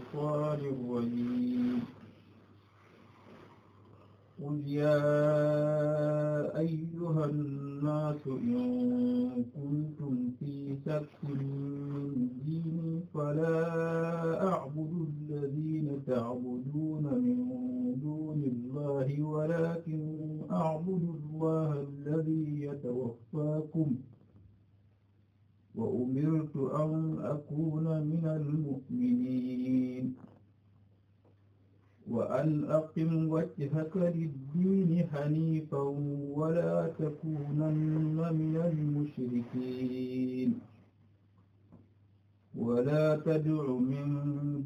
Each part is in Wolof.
الشيطان الرجيم قل يا أيها الناس إن كنتم في شك من ديني فلا أعبد الذين تعبدون من wa umirtu an akuna minal mu'minin wa an aqim wajhaka lid-diini hanifan wa la takunanna minal mushrikin ولا تدع من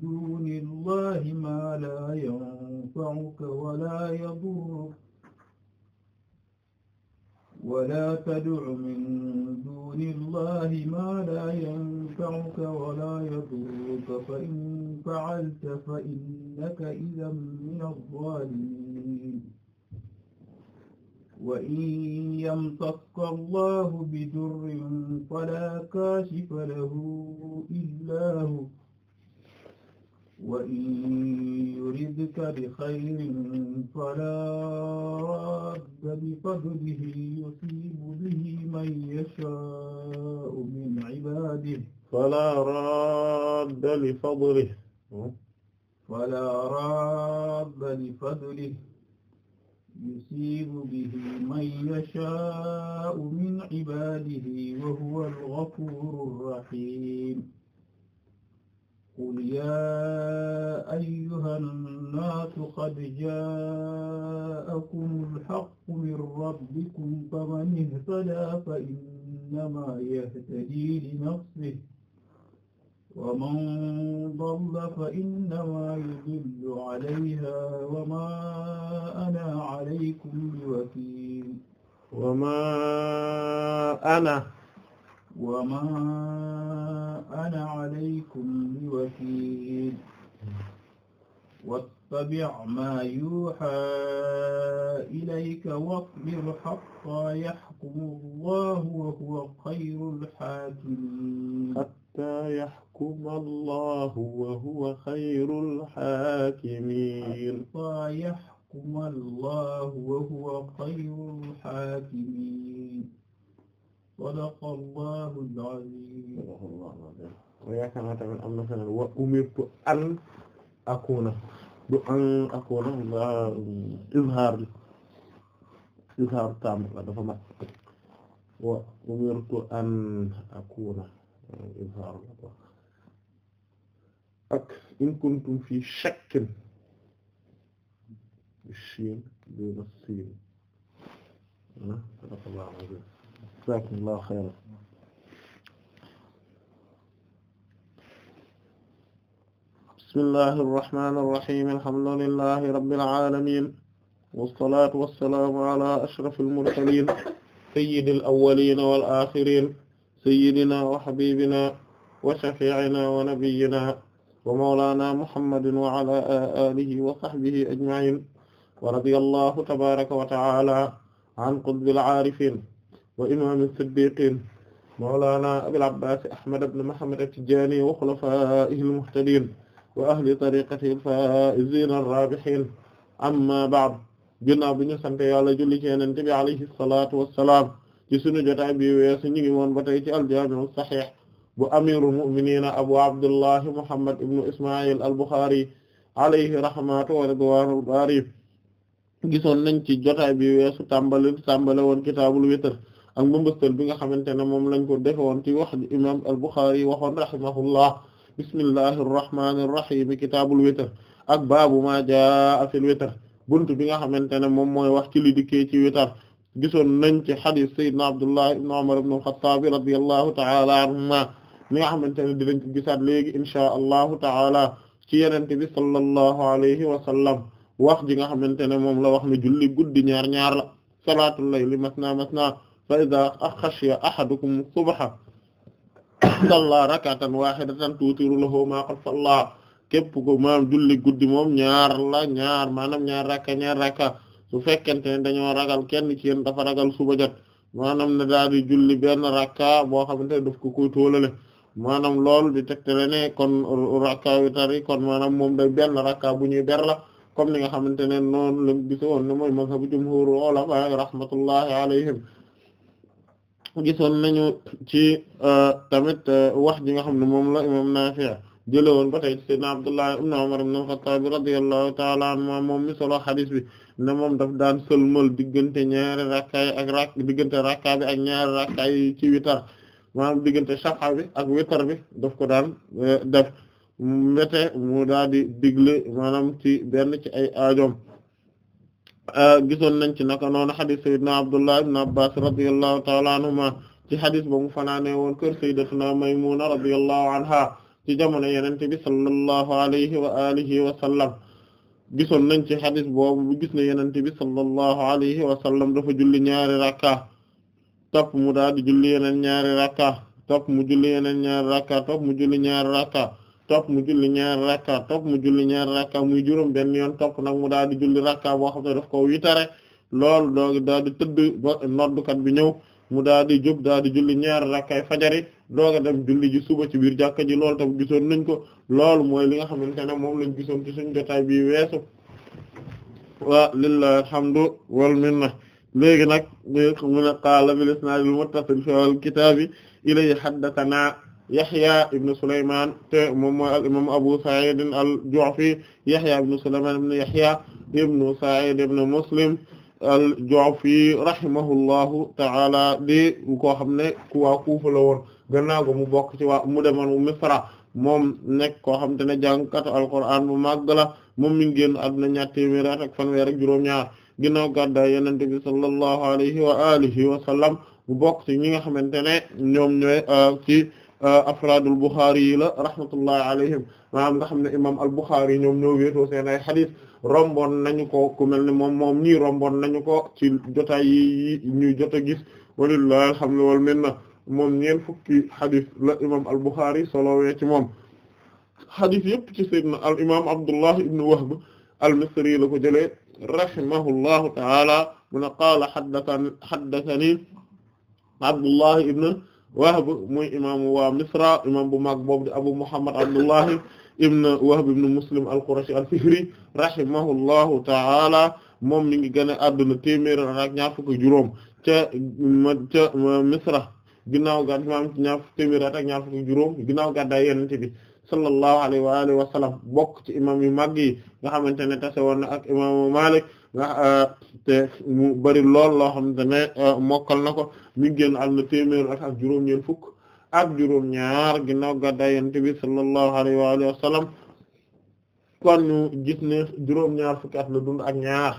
دون الله ما لا ينفعك ولا يضرك ولا تدع من دون الله ما لا ينفعك ولا يضرك فإن فعلت فإنك إذا من الظالمين وإن يمسسك الله بضر فلا كاشف له إلا هو وإن يردك بخير فلا راد بفضله يصيب به من يشاء من عباده فلا راد لفضله فلا راد لفضله يصيب به من يشاء من عباده وهو الغفور الرحيم قل يا أيها الناس قد جاءكم الحق من ربكم فمن اهتدى فإنما يهتدي لنفسه ومن ضل فإنما يضل عليها وما أنا عليكم بوكيل وما أنا wa ma ana alaykum bi wakiil wattabi' ma yuuhaa ilayka wasbir hattaa yahkuma Allaahu wa huwa xayrul haakimiin hattaa yahkuma Allaahu wa huwa xayrul haakimiin hattaa yahkuma Allaahu wa huwa xayrul haakimiin sadaqallahu al-azim yaakaar naa tamit am na feneen wa umirtu an akuna du an akuna la uh, izhaar bi izhaar tam la dafa mat wa umirtu an akuna izhaar la ak in kuntum fi shakkin bi shin duna sin sadaqallahu al-azim jazakumullahu xayran bismillahi irrahmani irrahim alhamdulillahi rabbil alamin wassalatu wassalamu ala ashrafil mursalin sayyidil awwalin wal akhirin sayyidina wa habibina wa shafi'ina wa nabiyyina wa mawlana muhammadin wa ala alihi wa sahbihi ajma'in wa radiyallahu tabaraka wa ta'ala an qutbil arifin wa imaam as-siddiqiin mawlaana abil abbaas ahmad ibn muhammad at-tijaani wa xulafaa'ihi al-muhtadiin wa ahli tariqatihi al-faa'iziina ar-raabihiin amma ba'd ginnaaw bi ñu sant yàlla julli ci Yonent bi alayhi salaatu wa salaam ci sunu jotaay bi weesu ñu ngi woon ba tey ci al-jaami' as-sahiih bu amiirul mu'miniina abu abdullahi muhammad ibn isma'il al-buxaari alayhi rahmatu wa ridwaanul baari gisoon nañ ci jotaay bi weesu tàmbali tàmbale woon kitaabul witr ak mbambastal bi nga xamante ne moom lañ ko defoon ci wax imam al-Bukhari waxoon rahimahullah bismillahir rahmanir rahim kitaabul witr ak baabu ma jaa fil witr bunt bi nga xamante ne moom mooy wax ci li dikkee ci witr gisoon nañ ci xadis sayyidina Abdullah ibn Umar ibn al-Khattab radiyallahu ta'ala anhuma mi nga xamante ne di ko gisaat léegi inshaa allahu ta'ala ci yenente bi sallallahu alayhi wa sallam wax ji nga xamante ne moom la wax ne julli guddi ñaar ñaar la salaatul layli masna masna fa idha akhashiya ahadukum subha salla rak'atan wahidatan tutiru lahu ma qad salla képp ko julli guddi moom ñaar la ñaar maanaam ñaar rakka ñaar rakka su fekkente ne dañoo ragal kenn ci yéen dafa ragal suba jot maanaam ne julli benn rakka boo xamante ne daf ko koy toolale maanaam loolu di tegtale ne kon rakka wi kon maanaam moom day benn rakka bu ñuy ber comme ni nga xamante ne noonu la gisoon ne mooy mazhabu jumhur ulama rahmatullahi alayhim gisoon nañu ci euh, tamit euh, wax ji nga xam ne moom la imam Naafi' jële woon ba tey sayyidina Abdullah ibn Umar ibn al-Khattab radiyallahu ta'ala anhuma moom mi solo xadis bi ne moom daf daan sëlmal diggante ñaare rakkaay ak rak diggante rakkaa bi ak ñaari rakkaay ci witar maanaam diggante shafa bi ak witar bi dof ko daan euh, def mbete mu daal di digle maanaam ci benn ci ay aajoom Euh, gisoon nañ ci naka noonu xadis sayyidina Abdullah ibn Abbas radiyallahu ta'ala anhuma ci xadis ba mu fanaane woon kër sayyidatuna Maymuna radiyallahu anha ci jamono Yonent bi sallallahu alayhi wa alihi wa sallam gisoon nañ ci xadis boobu mu gis ne Yonent bi sallallahu alayhi wa sallam dafa julli ñaari rakka topp mu daal di julli yeneen ñaari rakka topp mu julli yeneen ñaari rakka topp mu julli ñaari rakka topp mu julli ñaari rakka topp mu julli ñaari rakka muy juróom benn yoon topp nag mu daal di julli rakka boo xam ne daf ko witare loolu doogi daal di tëdd ba noddukat bi ñëw mu daal di jóg daal di julli ñaari rakkay fajari dooga dem julli ji suba ci biir jàkka ji loolu tam gisoon nañ ko lool mooy li nga xamante ne moom lañ gisoon ci suñu jotaay bi weesu wa lillahi alhamdu wal léegi nag mu ne qaala bil isnaadil muttasil fi al kitaabi ilay haddathana Yahya ibn Sulaymaan te moom mooy al imaam Abu Sa'iid al-Ju'fi Yahya ibn Sulaymaan ibn Yahya ibn Sa'iid ibn Muslim al-Ju'fi rahimahullahu ta'ala di koo xam ne ku waa Kuufa la woon gannaaw ga mu bokk ci waa mu demoon Misra moom nekk koo xam te kat jàngkatu Alquraan mu màgg la moom mi ngi génn àdduna ñaar téeméer ak fanweer ak juróom-ñaar ginnaaw gàddaay Yonent bi sallallahu alayhi wa alihi wa sallam bu bokk ci ñi nga xamante ne ñoom ñooy ah, ci. Euh, afraadul Buxaari yii la rahmatullahi alayhim maanaam nga xam ne imam al-Buxaari ñoom ñoo wéetoo seen ay xadis romboon nañu ko ku mel ni moom moom ñii romboon nañu ko ci jotaay yi ñuy jot a gis walillahi alhamdu wal minna moom ñeent fukki xadis la imam al-Buxaari solowee ci moom xadis yëpp ci sayyidna al imam Abdullah ibn Wahb al-Misri la ko jëlee rahimahullahu ta'ala mun qaala haddathani Abdullah ibn Wahb muy imaamu waa Misra imaam bu mag boobu di Abu Muhammad Abdullahi ibn Wahb ibn Muslim al-Qurashi al-Fihri rahimahullahu ta'ala moom mi ngi gën a adduna téeméer ak ñaar fukki juróom ca ca Misra ginnaaw gàd maam ñaar téeméer ak ñaar fukki juróom ginnaaw gàddaay Yonent bi sallallahu alayhi wa alihi wa sallam bokk ci imaam yu mag yi nga xamante ne ta woon na ak imaamu Maalik Euh, te mu bari lool loo xamante ne euh, mokkal na ko mi ngi génn àdduna téeméer ak ak juróom-ñeent fukk ak juróom-ñaar ginnaaw gàddaay Yonent bi sallallahu alayhi wa alihi wa sallam kon ñu gis ne juróom-ñaar fukki at la dund ak ñaar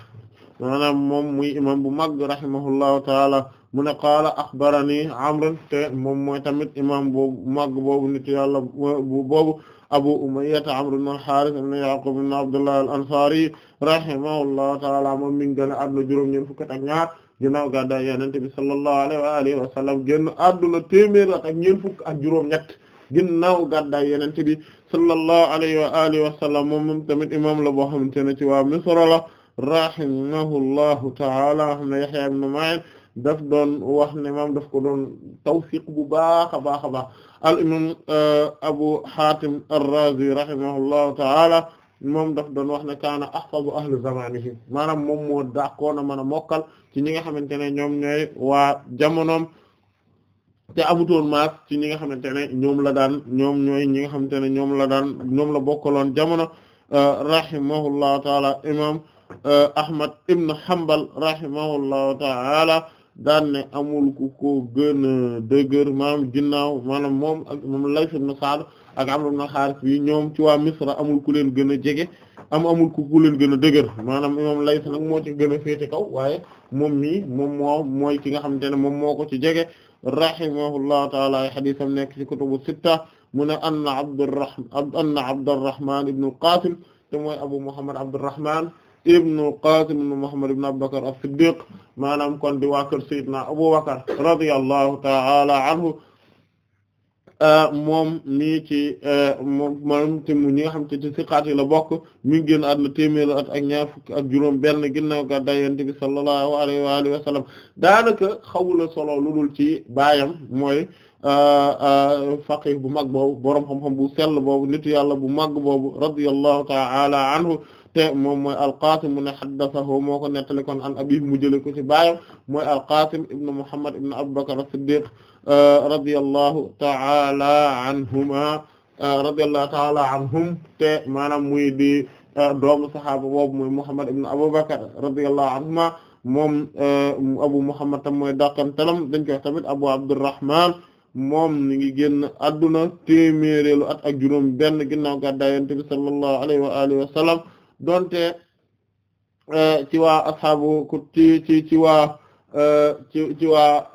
maanaam moom muy imam bu mag rahimahullahu taala mu ne qaala axbarani Amr te moom mooy tamit imam boobu mag boobu nit yàlla boobu abu umayyata amr ibn al-harith ibn yaqub ibn abdullah al-ansari rahimahullahu ta'ala moom mi ngi gën a adduna juróom-ñeent fukk ak ñaar ginnaaw gàddaay yonent bi sallallahu alayhi wa alihi wa sallam génn adduna téeméer at ak ñeent fukk a juróom-ñett ginnaaw gàddaay yonent bi sallallahu alayhi wa alihi wa sallam moom tamit imam la boo xamante ne waa Misra la rahimahullahu ta'ala xam ne Yahya ibn Ma'in daf doon wax ne maam daf ko doon tawfiq bu baax a baax a baax al imam eh, Abu Hatim ar-Razi rahimahullahu ta'ala moom daf doon wax ne kaana ahfazu ahli zamanihi maanaam moom moo dàqoo na mën a mokkal ci ñi nga xamante ne ñoom ñooy waa jamonoom te amutoon maas ci ñi nga xamante ne ñoom la daan ñoom ñooy ñi nga xamante ne ñoom la daan ñoom la bokkaloon jamono eh, rahimahullahu taala imam eh, Ahmad ibn Hanbal rahimahullahu taala daan ne amul ku ko gën a dëgër maanaam ginnaaw maanaam moom ak moom Layth ibn Sa'd ak Amr ibn Harith yi ñoom ci waa Misra amul ku leen gën a jege am amul ku ku leen gën a dëgër maanaam moom Layth nag moo ci gën a kaw waaye moom mi moom moo mooy ki nga xamante ne moom moo ko ci jege rahimahullahu taala ay xadiisam nekk ci kutubu sitta mu ne anna Abdurrahman anna Abdurrahman ibn al-Qasim te mooy Abu Muhammad Abdurrahman ibnu Qasim ibnu Muhammad ibnu Abubakar as-Siddiq maanaam kon di waa kër Seydina Abubakar radiyallahu ta'ala anhu moom mii ci moom moom te mu ñi nga xam te ci siqaat yi la bokk mi ngi génn àdduna téeméer at ak ñaar fukk ak juróom benn ginnaaw gàddaay Yonent bi sallallahu alayhi wa alihi wa sallam daanaka xawula solo lu dul ci baayam mooy faqih bu mag boobu boroom xam-xam bu sell boobu nitu yàlla bu mag boobu radiyallahu ta'ala anhu te moom mooy alqasim mu ne haddathahu moo ko nettali kon an abi mu jëlee ko ci baayam mooy alqasim ibn muhammad ibn abu as-siddiq euh, radiyallahu ta'ala anhuma euh, radiyallahu ta'ala anhum te maanaam muy di euh, doomu saxaaba boobu mooy muhammad ibn abubakar radiyallahu anhuma moom abu muhammad tam mooy dàqantalam dañ koy wax tamit abu abdurrahman moom mi ngi génn adduna téeméeréelu at ak juróom benn ginnaaw gàddaay yonent bi sallallahu alayhi wa donte eh, ci waa asxaabu ku ci ci ci waa eh, ci ci waa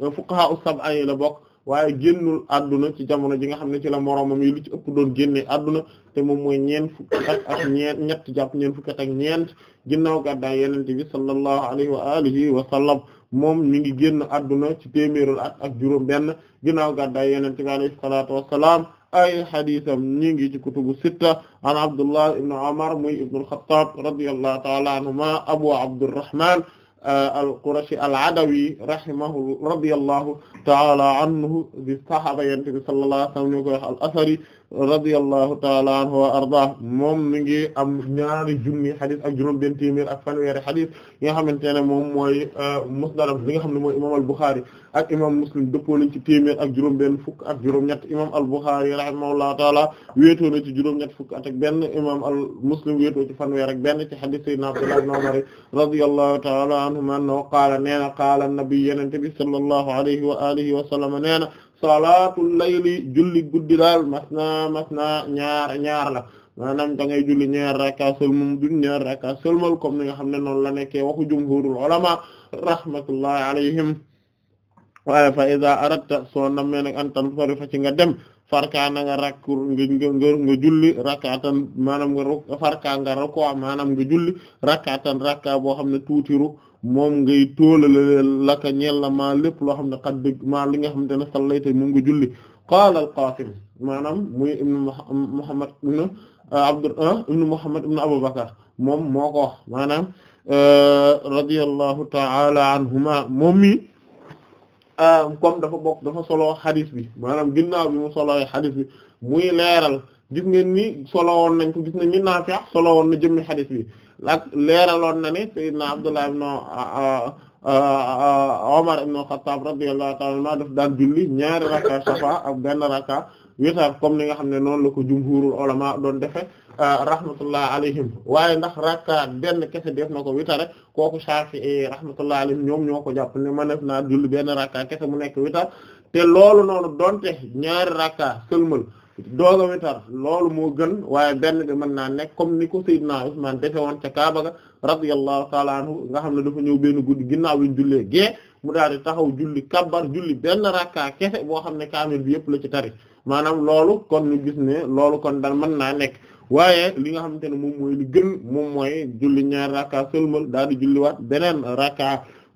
eh, fuqaha as-sab'a yi la bokk waaye génnul adduna ci jamono ji nga xam ne ci la moromam yi lu ci ëpp doon génne adduna te moom mooy ñeen fukki at ñeent ñett ñeen fukki ñeent ginnaaw gàddaay Yonent bi sallallahu alayhi wa alihi wa sallam moom mi ngi génn adduna ci téeméerul at ak juróom benn ginnaaw gàddaay Yonent bi alayhi salaatu wa salaam ay xadisam ñi ngi ci kutubu sitta an Abdullah ibn Umar muy ibn al-Khattab radiyallahu ta'ala anhuma Abu Abdurrahman euh, al-Qurashi al-Adawi rahimahu radiyallahu ta'ala anhu di saxaaba Yonent bi sallallahu alayhi wa sallam ñu koy wax al-Athari radiyallahu taala anhu wa arda moom mi ngi am ñaari junni xadis ak juróom benn téeméer ak fanweeri xadis yi nga xamante ne moom mooy euh, musnadam li nga xam ne mooy imam al-Bukhari ak imam Muslim dëppoo ci téeméer ak juróom benn fukk ak juróom-ñett imam al-Bukhari rahimahullahu taala wéetoo na ci juróom-ñett fukk at ak benn imam al Muslim wéetoo ci fanweer ak benn ci xadis sayyidina Abdullah ibn Umar radiyallahu taala anhuma annahu qaala nee na qaala an-nabi yenente bi sallallahu alayhi wa nee na salaatul layli julli guddi daal masna masna ñaar ñaar la maanaam da ngay julli ñaar raka sëlmam duñ ñaar raka sëlmal ni nga xam ne noonu la nekkee waxu jumhurul ulama rahmatullahi alayhim waaye fa iza aradta soo nammee nag an tan sori fa ci nga dem farka na nga rakku nga nga julli rakkaatan maanaam rakka boo xam ne tuutiru moom ngay tóolala laka ñeel la maa lépp loo xam ne xat dëgg maa li nga xam te ne sallayta moom nga julli qaala al-Qaasim maanaam muy ibnu Muhammad ibnu euh, Abdu euh, ibnu Muhammad ibnu Abu moom moo ko wax maanaam euh, ta'ala anhuma moom Euh, comme dafa bokk dafa solo xadis bi maanaam ginnaaw bi mu solo xadis bi muy leeral gis ngeen ni solo woon nañ ko gis nañ ni Naafi' solo woon na jëmmi xadis bi ak leeraloon na ne Seydina Abdullah ibn Umar euh, euh, ibn Khattab radiyallahu ta'ala anhu daf daan julli ñaari safa ak benn witar comme ni nga xam ne noonu la ko jumhurul ulama doon defe euh, rahmatullah alayhim waaye ndax rakka benn kese def na ko witare kooku Shafi'i rahmatullah alayhim ñoom ñoo ko jàpp ne mëneef naa julli benn rakka kese mu nekk witar te loolu noonu doon te ñaari rakka sëlmal dooga witar loolu moo gën waaye benn bi mën naa nekk kom ni ko Seydina Usman defe woon ca Kaaba ga radiyallahu ta'ala anhu nga xam ne dafa ñëw benn guddi ginnaaw bi ñu jullee gée mu daal di taxaw julli kabbar julli benn rakka kese boo xam ne kaamil bi yëpp la ci tari maanaam loolu kon ñu gis ne loolu kon dal mën naa nekk waaye li nga xamante ne moom mooy li gën moom mooy julli ñaar rakka sëlmal daal di julliwaat beneen rakka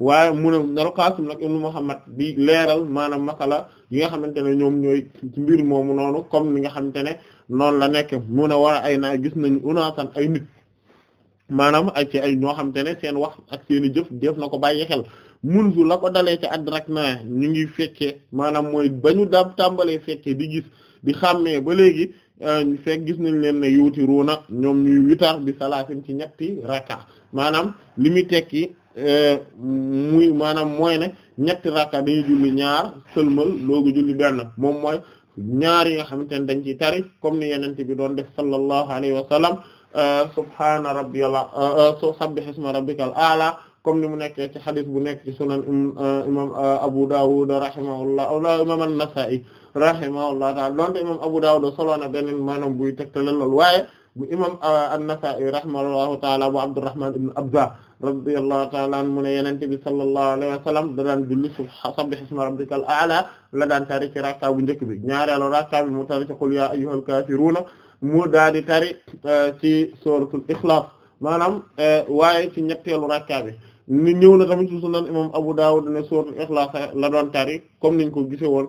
waaye mu ne narokasum nag ibnu Muhammad di leeral maanaam masala yi nga xamante ne ñoom ñooy mbir moomu noonu comme li nga xamante ne noonu la nekk mu ne war ay na gis nañu unaasan ay nit maanaam ay ci ay ñoo xamante ne seen wax ak seen i jëf def na ko bàyyi xel munzu la ko dalee ca adrak naa ñu ngi fekkee maanaam mooy ba ñu dam tàmbalee fekkee di gis di xàmmee ba léegi euh, fekk gis nañ leen ne yuutiruuna ñoom ñu witar bi salaatin ci ñetti rakka maanaam li muy tekki euh, muy maanaam mooy ne ñetti rakka dañuy julli ñaar sëlmal loogu julli benn moom mooy ñaar yi nga xamante ne dañ ci tari comme ni yenente bi doon def sallallahu alayhi wa sallam euh, subhaana rabbiyal subbihisma rabbikal aala comme ni mu nekkee ci xadis bu nekk ci sunan euh, imam euh, Abu Dawud rahimahullah wala imam an-Nasa'i rahimahullah ta'ala donte imam Abu Dawud solo na beneen maanaam buy tegtale lool waaye bu imam euh, an-Nasa'i rahimahullahu ta'ala bu Abdurrahman ibn Abza radiyallahu ta'ala anhu mu ne Yonent bi sallallahu alayhi wa sallam da daan julli subbih isma rabbikal a'la la daan tari ci bu njëkk bi ñaareelu rakka bi mu tari ci qul ya ayyuhal kaafiruuna mu daal di tari ci suratul Ikhlaas maanaam waaye ci ñetteelu rakka bi ni ñëw na tamit ci sunan imam Abu Dawud ne suratul Ikhlas la doon tari comme niñ ko gise woon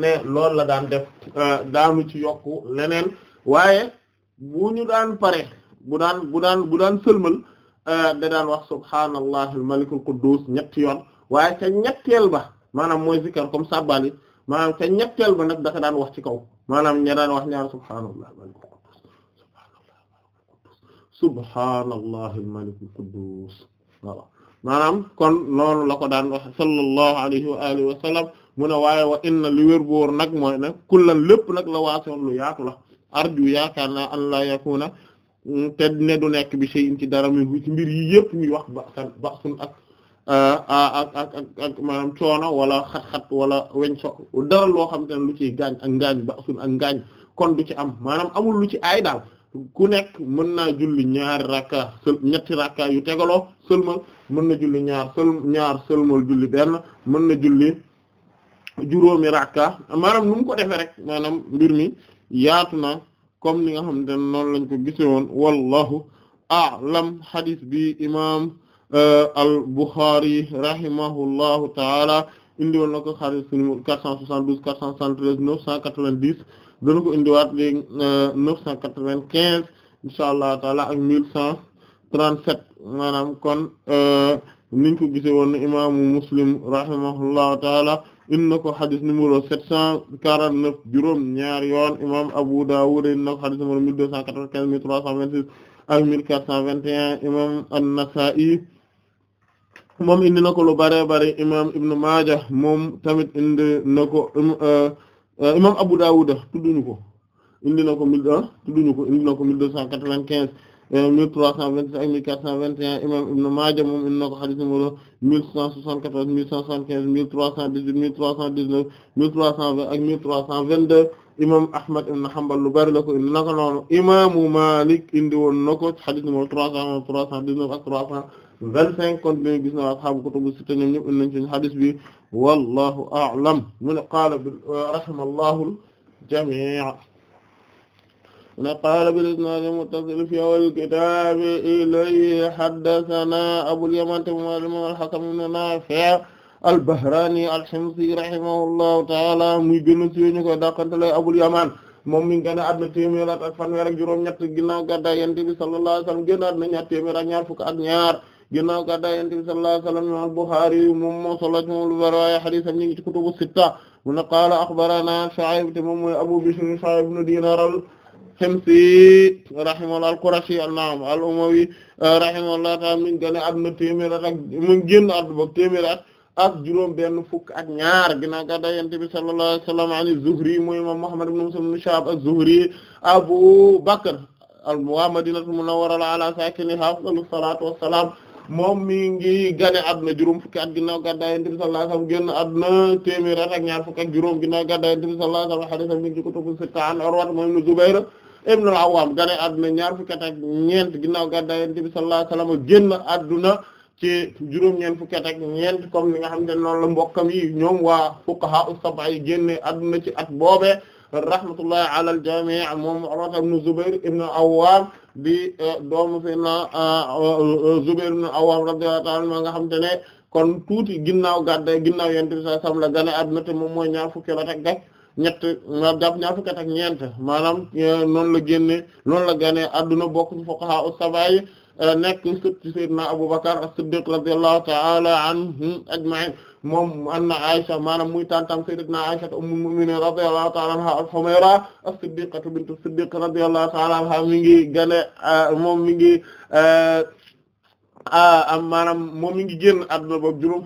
ne loolu la daan def euh, daanu ci yokk leneen waaye bu ñu daan pare bu daan bu daan bu daan sëlmal euh, da daan wax subhaanallahi al-malikul quddus ñetti yoon waaye ca ñetteel ba maanaam mooy zikkar comme sabbali maanaam ca ñetteel ba nag da daan wax ci kaw maanam ña daan wax ñaar subhaanallahi al-malikul quddus voilà maanaam kon loolu la ko daan wax sallallahu alayhi wa alihi wa sallam waaye wa inna li wér boor nag mooy nag kullan lépp nag la waasoon lu yaatu la arju yaakaar naa an la yakuna mm, te ne du nekk bi sey in ci dara mi ci mbir yi yëpp ñuy wax ba san ba sun coono wala xat-xat wala weñ so dara loo xam te lu ciy gaañ ak ngaañ ba sun ak ngaañ kon lu ci am maanaam amul lu ci aay daal ku nekk mën naa julli ñaari rakka sël ñetti rakka yu tegaloo sëlmal mën na julli ñaar sël ñaar julli benn mën na julli juróomi rakka maanaam nu ko defee rek maanaam mbir mi yaatu na comme ni nga xamante ne noonu lañ ko gise woon wallahu a'lam hadith bi imam euh, al Bukhari rahimahullahu taala indi woon na ko hadith numéro 472 473 990 dana ko indiwaat léegi euh, neuf cent quatre-vingt-quinze insha allah taala ak mille cent trente-sept maanaam kon euh, niñ ko gisee woon imaamu Muslim rahimahullahu taala in na ko xadis numéro sept cent quarante neuf juróom ñaari yoon imam Abu Dawud in na ko xadis numéro mille deux cent quatre-vingt-quinze mille trois cent vingt-six ak mille quatre cent vingt et un imam An-Nasa'i moom indi na ko lu bare bare moom tamit ko euh, Euh, imam Abu Dawud tudduñu ko indi na ko mille ah, tudduñu ko indi na ko mille deux cent quatre-vingt-quinze euh, mille trois cent vingt-sept ak mille quatre cent vingt et un imam Ibn Maaja moom indi na ko hadith numéro mille cent soixante-quatorze mille cent soixante-quinze mille trois cent dix-huit mille trois cent dix-neuf mille trois cent vingt ak mille trois cent vingt-deux imam Ahmad ibn Hanbal lu bari la ko indi na ko noonu imaamu Malik indi woon na ko hadith numéro trois cent trois cent dix-neuf ak trois cent vingt-cinq kon bi gis na ashaabu kutubu sitta ñoom ñëpp indi nañu ci hadith bi wallahu a'lam mu ne qaala rahimallahu al-jamii' mu ne qaala bil-isnaad al-muttasil fi awwal kitaab ilayhi haddasanaa Abul Yaman al-Hakam ibn Naafi' al-Bahraani al-Himsi rahimahullahu ta'aala muy gënna ci ñu koy dàqantele Abul Yaman moom mi ngi gën a àdduna téeméer ak fanweer ak juróom-ñett ginnaaw gàddaay Yonent bi sallallahu alayhi wa sallam gën a àdduna ñaar téeméer ak ñaar fukk ak ñaar ginnaaw gàddaay Yonent bi sallallahu alayhi wa sallam imam Bukhari moom moo solo ci moom lu bari waaye hadiis am ñu ngi ci kutubu sitta mun qaala axbarana Shu'ayb te moom mooy Abu Bishr Shu'ayb ibn Dinar al-Himsi rahimahullah al-Qurashi an-Na'am al-Umawi rahimahullah ta'ala mi ngi génn àdduna téeméer ak mu ngi génn àdduna téeméer at ak juróom benn fukk ak ñaar ginnaaw gàddaay Yonent bi sallallahu alayhi wa sallam an az-Zuhri mooy imam Muhammad ibn Muslim ibn Shihab az-Zuhri Abu Bakr waa Madinatu Munawwara ala saakinihaa afdalu salaatu wassalaam moom mi ngi gane àdduna juróom fukki at ginnaaw gàddaay Yonent bi sallallahu alayhi wasallam génn àdduna ñaar fukk ak juróom ginnaaw gàddaay Yonent bi sallallahu alayhi wasallam hadiisam mi ngi ci kutubu sitta an Urwa ibn Zubayr ibn al gane àdduna ñaar fukki at ak ñeent ginnaaw gàddaay Yonent bi sallallahu alayhi wasallam ci juróom-ñeent fukki at ak ñeent comme ni nga xam ne noonu la mbokkam yi ñoom waa fuqaha as-sab'a yi génne àdduna ci at boobe rahmatullahi ala al-jami' moom Urwa ibn Zubair ibn Awwam bi eh, doomu sayyidina eh, eh, Zubair ibn Awwam radiyallahu ta'ala maa nga xam te ne kon tuuti ginnaaw gàdda ginnaaw yonent bi sallallahu alayhi wasallam la gane àdduna te moom mooy ñaar fukki at ak gàtt ñett ma jàpp ñaar ñeent maanaam noonu la génne noonu la gane àdduna bokk ci fuqaha as nekk sët ci sayyidina Abubakar as-Siddiq radiyallahu ta'ala anhum moom anna Aisha maanaam muy tantam sayyidatuna Aisha ummul mu'minin radiyallahu ta'ala anha al-Humayra as-Siddiqatu bintu Siddiq radiyallahu ta'ala anha mi ngi gane euh, moom mi ngi euh, maanaam moom mi ngi génn àdduna boobu juróom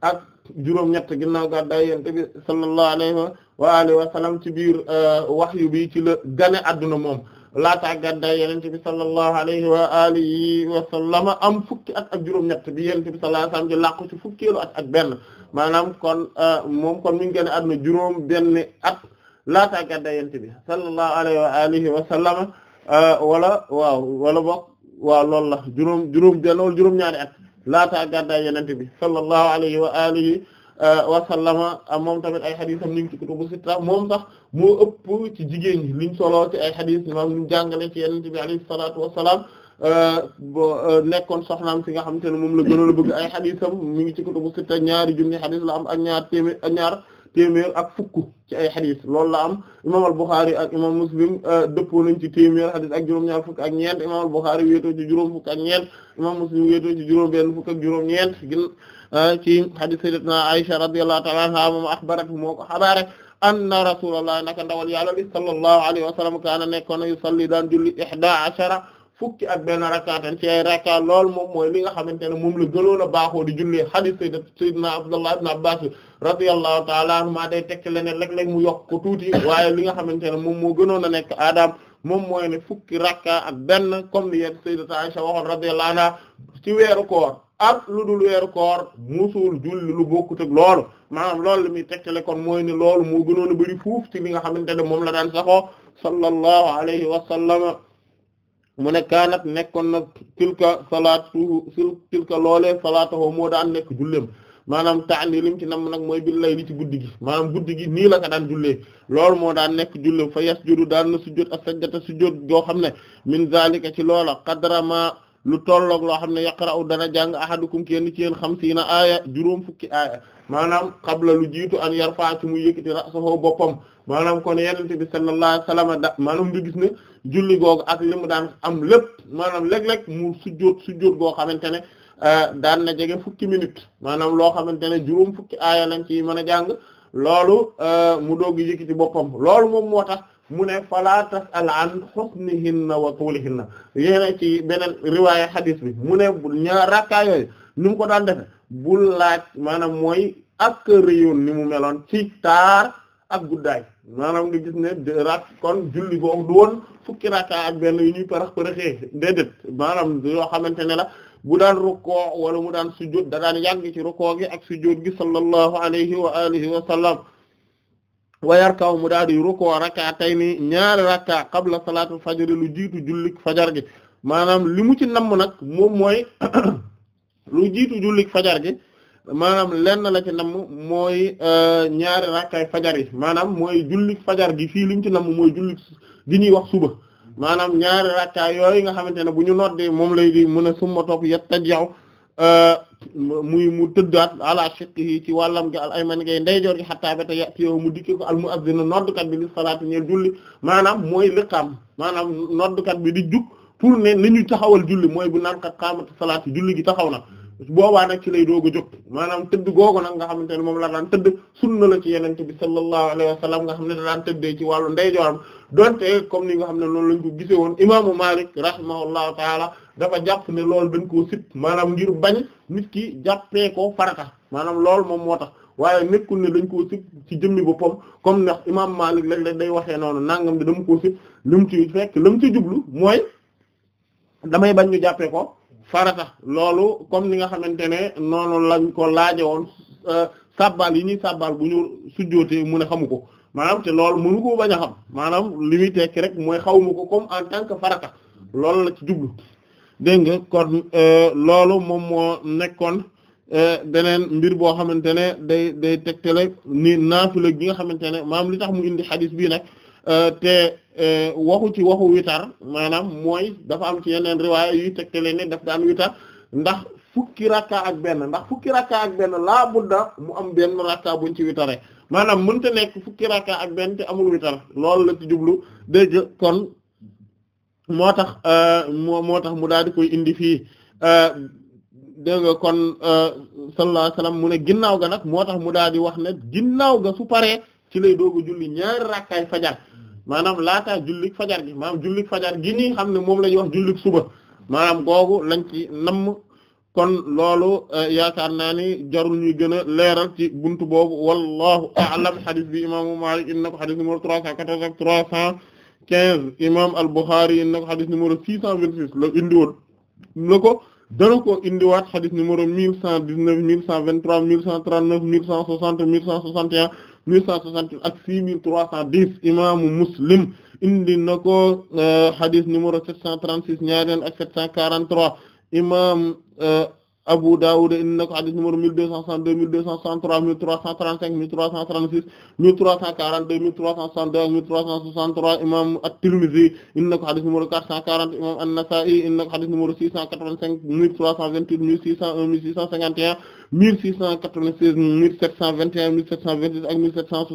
ak juróom ñett ginnaaw gàddaay Yonent bi sallallahu alayhi wa alihi ci biir euh, wahyu bi ci la gane àdduna moom laata gàddaay yonent bi sallallahu alayhi wa alihi wa sallama am fukki at ak juróom-ñett bi yonent bi sallallahu alayhi wa sallam di làqu ci at ak benn maanaam kon euh, moom kon mi ngi génn àdduna juróom benn at laata gàddaay yonent bi sallallahu alayhi wa alihi wa sallama euh, wala waaw wala bokk wa loolu la juróom juróom benn wala juróom-ñaari at laata gàddaay yonent bi sallallahu alayhi wa alihi Euh, wa sallama ah, moom tamit ay xadisam ñu ngi ci kutubu sitta moom sax moo ëpp ci jigéen ñi liñ solo ci ay xadis moom ñu jàngale ci yonent bi alayhi salaatu wa salaam euh, euh, nekkoon soxnaam si nga xamante ne moom la gënoon a bëgg ay xadisam mi ngi ci kutubu sitta ñaari junni xadis la am ak ñaar téeméer ak ñaar. téeméer ak fukk ci ay xadis loolu la am imam al-Bukhari ak imam Muslim euh, dëppoo nañ ci téeméer xadis ak juróom-ñaar fukk ak ñeent imam al-Bukhari wéetoo ci juróom fukk ak ñeent Muslim wéetoo ci juróom benn fukk ak juróom ñeent gin euh, ci xadis sayyidatuna Aisha radiyallahu ta'ala anha moom axbarat moo ko xabaare anna rasulullah naka ndawal yàlla li sallallahu alayhi wa kaana nekkoon yusalli daan julli ihda ashara fukki ak benn rakkaatan ci ay rakka lool moom mooy li nga xamante ne moom la gënoon a baaxoo di julli hadith sayda sayyidina Abdullah ibn Abbas radiyallahu ta'ala anhuma day tekk leneen léeg-léeg mu yokk ko tuuti waaye li nga xamante moom moo gënoon a nekk aadaam moom mooy ne fukki rakka ak benn comme li yeen sayyidat Aisha waxoon radiyallahu anha ci weeru koor ak lu dul weeru koor musul julli lu bokkut ak lool maanaam lool li muy tegtale kon mooy ne lool moo gënoon a bari fuuf ci li ne moom la daan saxoo mu ne kaanat nekkoon na tilka salaatu tilka loolee salaatahu moo daan nekk julleem maanaam taani lim ci nam nag mooy bil ci guddi gi maanaam guddi gi nii la ka daan jullee loolu moo daan nekk julleem fa yasjudu daan na sujjóot as-sajdata sujjóot goo xam ne min zalika ci loola qadrama lu tolloog loo xam ne yaqra'u dana jàng ahadukum kenn ci yéen xamsiina aaya juróom fukki aaya maanaam qabla lu jiitu an yarfa ci muy yëkkati ra'sahu boppam maanaam kon yonent bi sallallahu alayhi wasallam da maanaam du gis ne julli googu ak li mu daan am lépp maanaam léeg-léeg mu sujjóot sujjóot goo xamante ne euh, daan na jege fukki minutes maanaam loo xamante ne juróom fukki aaya lañ ci mën a jàng loolu euh, mu doog yëkkati boppam loolu moom moo tax. mu ne fala tas'al an husnihinna wa tulihinna yéena ci beneen riwaaya hadis bi mu ne ñaar rakkaa ni mu ko daan defe bul laaj maanaam mooy ak réyoon ni mu meloon ci taar ak guddaay maanaam nga gis ne rak kon julli googu du woon fukki rakkaa ak benn yu ñuy parax paraxee déedéet maanaam yoo xamante ne la bu daan rukkoo wala mu daan sujjóot da daan yàgg ci rukkoo gi ak sujjóot gi sallallahu alayhi wa alihi wa sallam wa yarkaw mu daal di rukkoo rak'atayni ñaari rakka qabla salaatul fajr lu jiitu jullik fajar gi maanaam li mu ci namm nag moom mooy lu jiitu jullik fajar gi maanaam lenn la ci namm mooy euh, ñaari rakkay fajar yi maanaam mooy jullik fajar gi fii li mu ci namm mooy jullik gi ñuy wax suba maanaam ñaari rakka yooyu nga xamante ne bu ñu noddee moom lay di a summa topp yet taj yow Euh, muy mu tëddaat ala shiqqihi ci wàllam gi al ayman ngay ndeyjoor gi xattaa ba te yàti yow mu dikke ko al muazzin noddkat bi li salaati ñeel julli maanaam mooy liqaam maanaam noddkat bi di jug pour ne ni ñu taxawal julli mooy bu naan kat qaamatu salaati julli gi taxaw na boobaa nag ci lay doog a jóg maanaam tëdd googu nag nga xamante ne moom la daan tëdd sunna la ci yenente bi sallallahu alayhi wa nga xam ne da daan tëddee ci wàllu ndeyjooram donte comme ni nga xam ne loolu lañ ko gisee woon imaamu Malik rahimahullahu taala dafa jàpp ne loolu dañ koo sit maanaam ngir bañ nit ki jàppee ko farata maanaam lool moom moo tax waaye nekkul ne dañ koo sit ci jëmmi boppam comme ndax imaam Malik léeg-léeg day waxee noonu nangam bi dama koo sit lu mu ci fekk lu mu ci jublu mooy damay bañ ñu jàppee ko farata loolu comme ni nga xamante ne noonu lañ ko laaje woon euh, sabbal yi ñuy sabbal bu ñu sujjootee mu ne xamu ko maanaam te loolu mënu ko bañ a xam maanaam li muy tekki rek mooy xaw ma ko comme en tant que farata loolu la ci jublu dégg nga kon euh, loolu moom moo nekkoon euh, beneen mbir boo xamante ne day day tegtale ni naafila gi nga xamante ne maanaam li tax mu indi xadis bii nag euh, te waxu ci waxu witar maanaam mooy dafa am ci yeneen riwaaya yuy tegtale ne daf daan witar ndax fukki rakka ak benn ndax fukki rakka ak benn laa budda mu am benn rakka buñ ci witare maanaam mënta nekk fukki rakka ak benn te amul witar loolu la ci jublu dégg kon moo tax euh, moo moo tax mu daal di koy indi fii euh, dégg nga kon euh, sallallahu alayhi wasallam mu ne ginnaaw ga nag moo tax mu daal di wax ne ginnaaw ga su paree ci lay doog a julli ñaari rakkaay fajar maanaam laataa jullik fajar gi maanaam jullik fajar gi nii xam ne moom la ñuy wax jullik suba maanaam googu lañ ci namm kon loolu eh, yaakaar naa ni jarul ñuy gën a leeral ci buntu boobu wallahu a'lam xadis bi imaamu Maalik in na ko xadis numéro trois cent quatorze ak trois cent quinze imam al-Bukhari in na ko xadis numéro six cent vingt six la indiwoon la ko dana ko indiwaat xadis numéro mille cent dix-neuf mille cent vingt-trois mille cent trente-neuf mille cent soixante mille cent soixante et six mille trois cent dix imaamu Muslim indi na ko xadis eh, numéro sept cent trente-six ñaareel ak sept Euh, Abu Dawud indi na ko hadith numéro 1262 1263 1335 1336 1342 1362 1363 imam At-Tirmidhi indi na ko hadith numéro 440 imam An-Nasa'i indi na ko hadith numéro 685 1328 1601 1651 1696 1721 1728 ak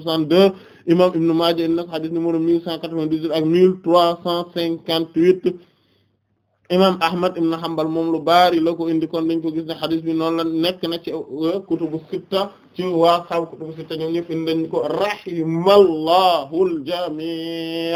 1762 imam Ibn Majah indi na ko hadith numéro 1198 ak 1358 imam ahmad ibn hanbal moom lu baari la ko indi kon dañ ko gis ne xadis bi noonu la nekk na ci uh, kutubu sitta ci waa xaw kutubu sitta ñoom ñëpp indi nañ ko rahimallahu aljamii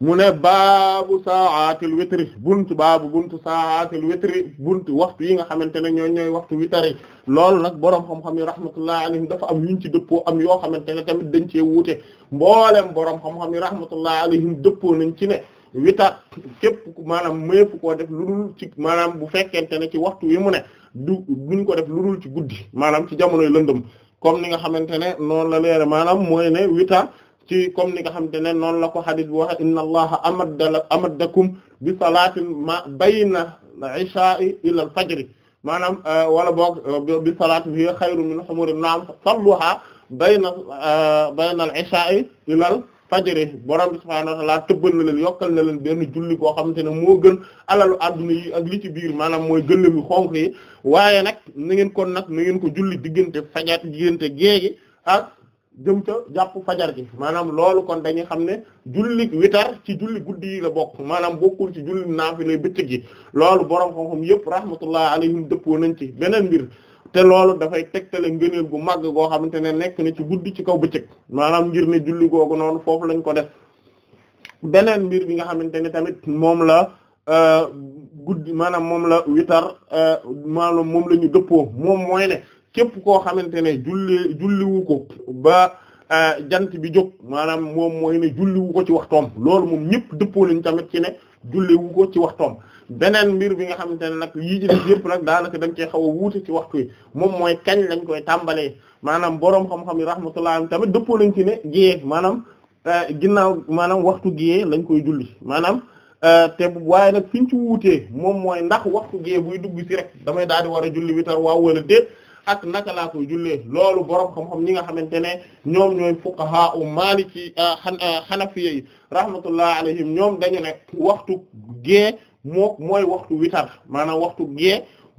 mu ne baabu saatil witri buntu baabu buntu saatil witri buntu waxtu yi nga xamante ne ñoo ñooy waxtu witari loolu nag boroom xam-xam yi rahmatullahi alayhim dafa am yuñ ci dëppoo am yoo xamante ne tamit dañ cee wuute mboolem boroom xam-xam yi rahmatullahi alayhim dëppoo nañ ci ne witaat képp maanaam mënefu koo def lu dul ci maanaam bu fekkente ne ci waxtu wi mu ne du duñ ko def lu dul ci guddi maanaam ci jamonoy lëndëm comme ni nga xamante ne noonu la leere maanaam mooy ne wita ci comme ni nga xamante ne noonu la ko hadith bi waxe inna allaha amadda amaddakum bi salaatin ma bayna al-ishaa'i ila al-fajri maanaam euh, wala boog euh, bi salaatin hiya xayrun min humurin naam salluha bayna euh, bayna al-ishaa'i ila fajri borom bi subhaanahu wa ta'aala tëbbal na leen yokkal na leen benn julli boo xamante ne moo gën alalu adduna yi ak li ci biir maanaam mooy gëllami xonk yi waaye nag na ngeen kon nag na ngeen ko julli diggante fajar diggante géegi ak ah, jëm ca jàpp fajar gi maanaam loolu kon dañuy xam ne julli witar ci julli guddi yi la bokk maanaam bokkul ci julli naafila bëccëg gi loolu borom xam-xam yëpp rahmatullah alayhim dëppoo nañ ci beneen mbir te loolu dafay tegtale ngëneel gu màgg goo xamante ne nekk na ci guddi ci kaw bëccëg maanaam ngir ne julli googu noonu foofu lañ ko def beneen mbir bi nga xamante ne tamit moom la euh, guddi maanaam moom la witar euh, maanaam moom la ñu dëppoo moom mooy ne képp koo xamante ne julli julliwu ko ba euh, jant bi jóg maanaam moom mooy ne julliwu ko ci waxtoom loolu moom ñëpp dëppoo lañ tamit ci ne julliwu ko ci waxtoom beneen mbir bi nga xam ne nag yii ci def yëpp nag daanaka dañ cee xaw a wuute ci waxtu yi moom mooy kañ lañ koy tàmbalee maanaam boroom xam-xam yi rahmatullah tamit dëppoo lañ ci ne gée maanaam euh, ginnaaw maanaam waxtu gée lañ koy julli maanaam euh, te waaye nag fiñ ci wuutee moom mooy ndax waxtu gée buy dugg si rek damay daal di war a julli witar waaw wala déet ak naka laa koy jullee loolu borom xam-xam ñi nga xamante ne ñoom ñooy fuqaha u maliki xanafiya yi rahmatullah alayhim ñoom dañu nekk waxtu gee moo mooy waxtu witar maanaam waxtu gee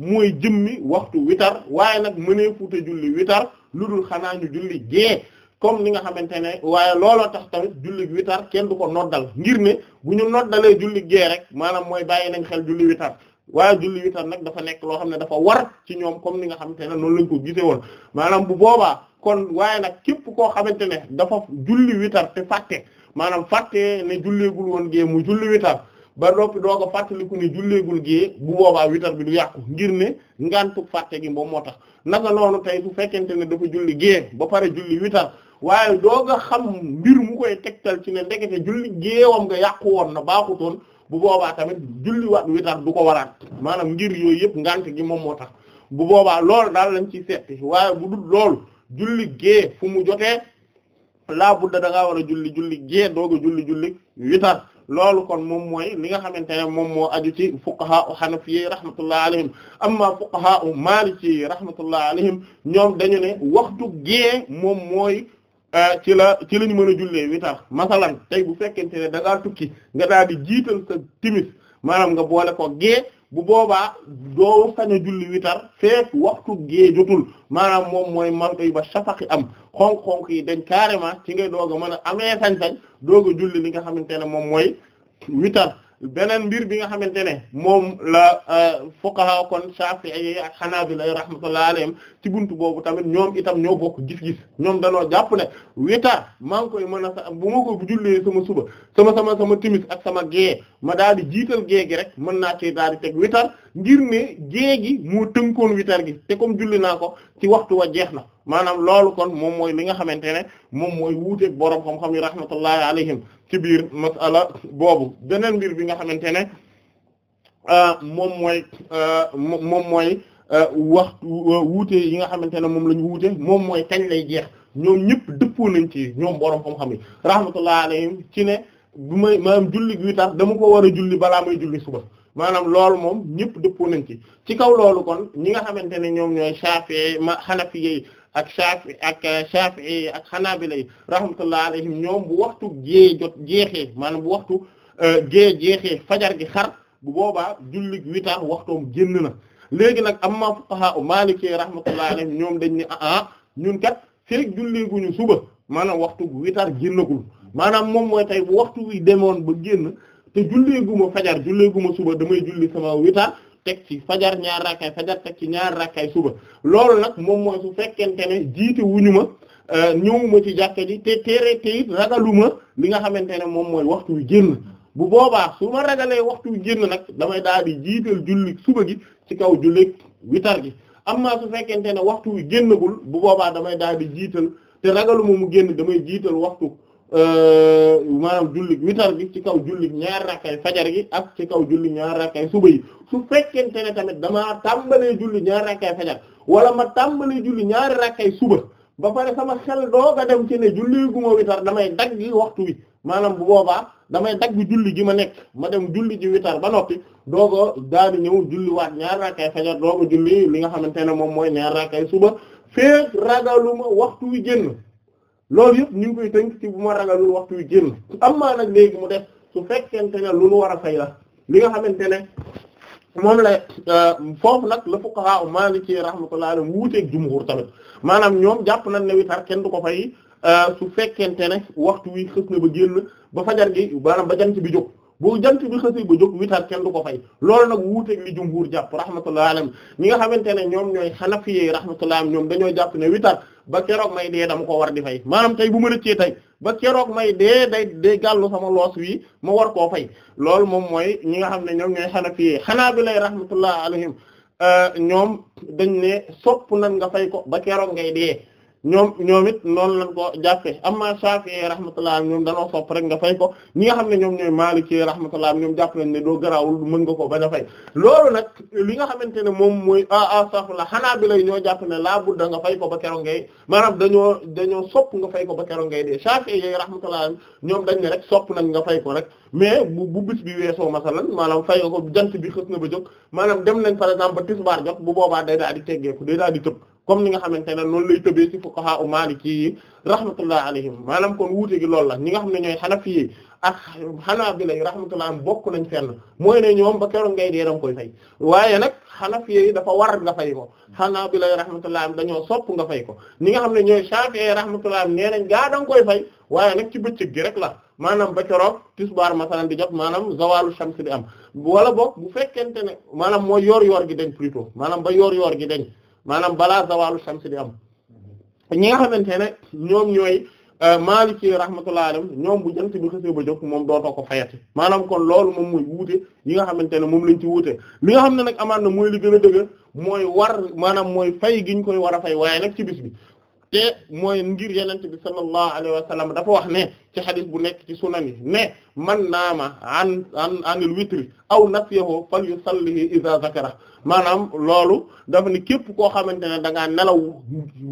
mooy jëmmi waxtu witar waaye nag mënee fuute julli witar lu dul xanaa ñu julli gee comme ni nga xamante ne waaye looloo tax tamit julli witar kenn du ko noddal ngir ne bu ñu noddalee julli gee rek maanaam mooy bàyyi nañ xel julli witar waaye julli witar nag dafa nekk loo xam ne dafa war ci ñoom comme ni nga xamante ne noonu lañ ko gisee woon maanaam bu boobaa kon waaye nag képp koo xamante ne dafa julli witar te fàtte maanaam fàtte ne julleegul woon gée mu julli witar ba noppi doo ko fàttaliku ne julleegul gée bu boobaa witar bi du yàqu ngir ne ngantuk fàtte gi moom moo tax naka noonu tey su fekkente ne dafa julli gée ba pare julli witar waaye doo nga xam mbir mu koy tegtal ci ne ndekete julli géewam nga yàqu woon na baaxutoon bu boobaa tamit julliwaat witar du ko waraat maanaam ngir yooyu yëpp ngant gi moom moo tax bu boobaa lool daal lañ ciy seeti waaye bu dul lool julli gee fu mu jotee laa budda da ngaa war a julli julli gee doog julli julli witar loolu kon moom mooy li nga xamante ne moom moo aju ci fuqaha u xanafiyi rahmatullah alayhim amma fuqaha u maliki yi rahmatullah alayhim ñoom dañu ne waxtu gee moom mooy Euh, ci la ci lañ mën a jullee witar masalan tey bu fekkente ne da ngaa tukki nga daal di jiital sa timis maanaam nga boole ko gée bu boobaa doo sañ a julli witar fekk waxtu gée jotul maanaam moom mooy manto yi ba safaqi am xonk-xonk yi dañ carrément ci ngay doog mën a amee sañ-sañ doog a julli li nga xamante ne moom mooy witar beneen mbir bi nga xamante ne moom la euh, fuqaha kon Shafi'i ak Hanabila rahmatullahi alayhim ci buntu boobu tamit ñoom itam ñoo bokk gis-gis ñoom danoo jàpp ne witar maa ngi koy mën a bu ma ko jullee sama suba sama sama sama timis ak sama gée ma daal di jiital gée gi rek mën naa ci daal di teg witar ngir ne gée gi moo tënkoon witar gi te comme julli naa ko ci waxtu wa jeex na maanaam loolu kon moom mooy li nga xamante ne moom mooy wuuteeg borom xam-xam yi rahmatullahi alayhim ci biir masala boobu beneen mbir bi nga xamante ne euh, moom mooy euh, moom mooy euh, waxtu wuute yi nga xamante ne moom la ñu moom mooy kañ lay jeex ñoom ñëpp dëppoo nañ ci ñoom borom xam-xam yi rahmatullah alayhim ci ne bu may maanaam julli gi tax dama ko war a julli balaa may julli suba maanaam loolu moom ñëpp dëppoo nañ ci ci kaw loolu kon ñi nga xamante ne ñoom ñooy Shafi'i ma Hanafi ak Shafi ak euh, Shafi'i ak Hanabila yi rahmatullahi alayhim ñoom bu waxtu gée jot jeexee maanaam bu waxtu euh, gée jeexee fajar gi xar bu boobaa jullig witar waxtoom génn na léegi nag amma fuqaha maliki rahmatullahi alayhim ñoom dañ ne ah, ah ñun kat feek julliguñu suba maanaam waxtu witar génnagul maanaam moom mooy bu waxtu wi demoon ba génn te julleeguma fajar julleeguma suba damay julli sama witar teg ci fajar ñaar rakkay fajar teg ci ñaar rakkay suba loolu nag moom mooy su fekkente ne jiite wuñu ma euh, ñëwuma ci jàkka ji te téere te ragaluma li nga xamante ne moom mooy waxtu wi génn bu boobaa su ma ragalee waxtu wi génn nag damay daal di jiital julli suba gi ci kaw julli witar gi am amma su fekkente ne waxtu wi génnagul bu boobaa damay daal di jiital te ragaluma mu génn damay jiital waxtu Euh, maanaam jullig witar gi ci kaw julli ñaar rakkay fajar gi ak ci kaw julli ñaar rakkay suba yi su fekkente ne tamit damaa tàmbalee julli ñaar rakkay fajar wala ma tàmbalee julli ñaari rakkay suba ba pare sama xel doog a dem ci ne julli gu witar damay dagg waxtu wi maanaam bu boobaa damay dagg julli ji ma nekk ma dem julli ji witar ba noppi dooga daal di ñëw julliwaat ñaar rakkay fajar dooga julli li nga xamante ne moom mooy ñaar rakkay suba feek ragaluma waxtu wi génn loolu yëpp ñu ngi koy tënk ci bu ma ragalul waxtu wi génn am maa nag léegi mu def su fekkente ne lu nu war a fay la li nga xamante ne moom la euh, foofu nag la fuqaha maliki rahmatullah alayhi wuuteeg jumhur tamit maanaam ñoom jàpp nañ ne witar kenn du ko fay euh, su fekkente ne waxtu wi xës na ba génn ba fajar gi maanaam ba jant bi jóg boo jant bi xësi ba jóg witar kenn du ko fay loolu nag wuuteeg li jumhuur jàpp rahmatullah alam ñi nga xamante ne ñoom ñooy xanafiyey rahmatullah am ñoom dañoo jàpp ne witar ba keroog may dee dama ko war di fay maanaam tey bu ma rëccee tey ba keroog may dee day day gàllu sama loos wi ma war koo fay loolu moom mooy ñi nga xam ne ñoom ñooy xanafiyey xanaa bi lay rahmatullah alayhim euh, ñoom dañ ne sopp nan nga fay ko ba keroog ngay dee ñoom ñoom it noonu lañ ko jàppee amma Shafi'i rahmatullah ñoom dañoo sopp rek nga fay ko ñi nga xam ne ñoom ñooy Maliki rahmatullah ñoom jàpp nañ ne doo garaawul mën nga ko a fay loolu li nga xamante ne moom mooy a ah, a ah, la xanaa bi ñoo jàpp ne laa budda nga fay ko ba keroog ngay maanaam dañoo dañoo sopp nga fay ko ba keroog ngay dee Shafi'i yi ñoom dañ ne rek sopp nañ nga fay ko rek mais bu bu bis bi weesoo masalan maanaam fay ko jant bi xës na ba jóg maanaam dem nañ par exemple ba tisbaar jot bu boobaa day daal di teggeeku day daal di tëb comme ni nga xamante ne noonu lay tëbee ci fuqaha u maliki yi alayhim maanaam kon wuute gi loolu la ninga xam ne ñooy xanafi yi ak xanaabila yi rahmatullah bokk nañ fenn mooy ne ñoom ba keroog ngay dee koy fay waaye nag xanafi yi dafa war nga fay ko xanaabila yi rahmatullah dañoo sopp nga fay ko ñi nga xam ne ñooy shafi'i yi rahmatullah nee nañ gaa danga koy fay waaye nag ci bëccëg gi rek la maanaam ba keroog tisbaar masalan di jot maanaam zawalu shams di am wala boog bu fekkente ne maanaam mooy yor-yor gi dañ plutôt maanaam ba yor-yor gi dañ maanaam balaa zawaalu shamsi di am ñi nga xamante ne ñoom ñooy euh, Maliki rahmatullahi alayhi ñoom bu jant bi xasee ba jóg moom dootoo ko fayati maanaam kon loolu moom mooy wuute yi nga xamante ne moom lañ ci wuute li nga xam ne nag amaan na mooy li gën a dëgg mooy war maanaam mooy fay giñ koy war a fay waaye nag ci bis bi te mooy ngir yenent bi sallallahu alayhi wa sallam dafa wax ne ci xadis bu nekk ci sunan yi ne man naama an an anil witri aw nasiyahu falyusallihi idha zakara maanaam loolu dafa ne képp koo xamante ne da nelaw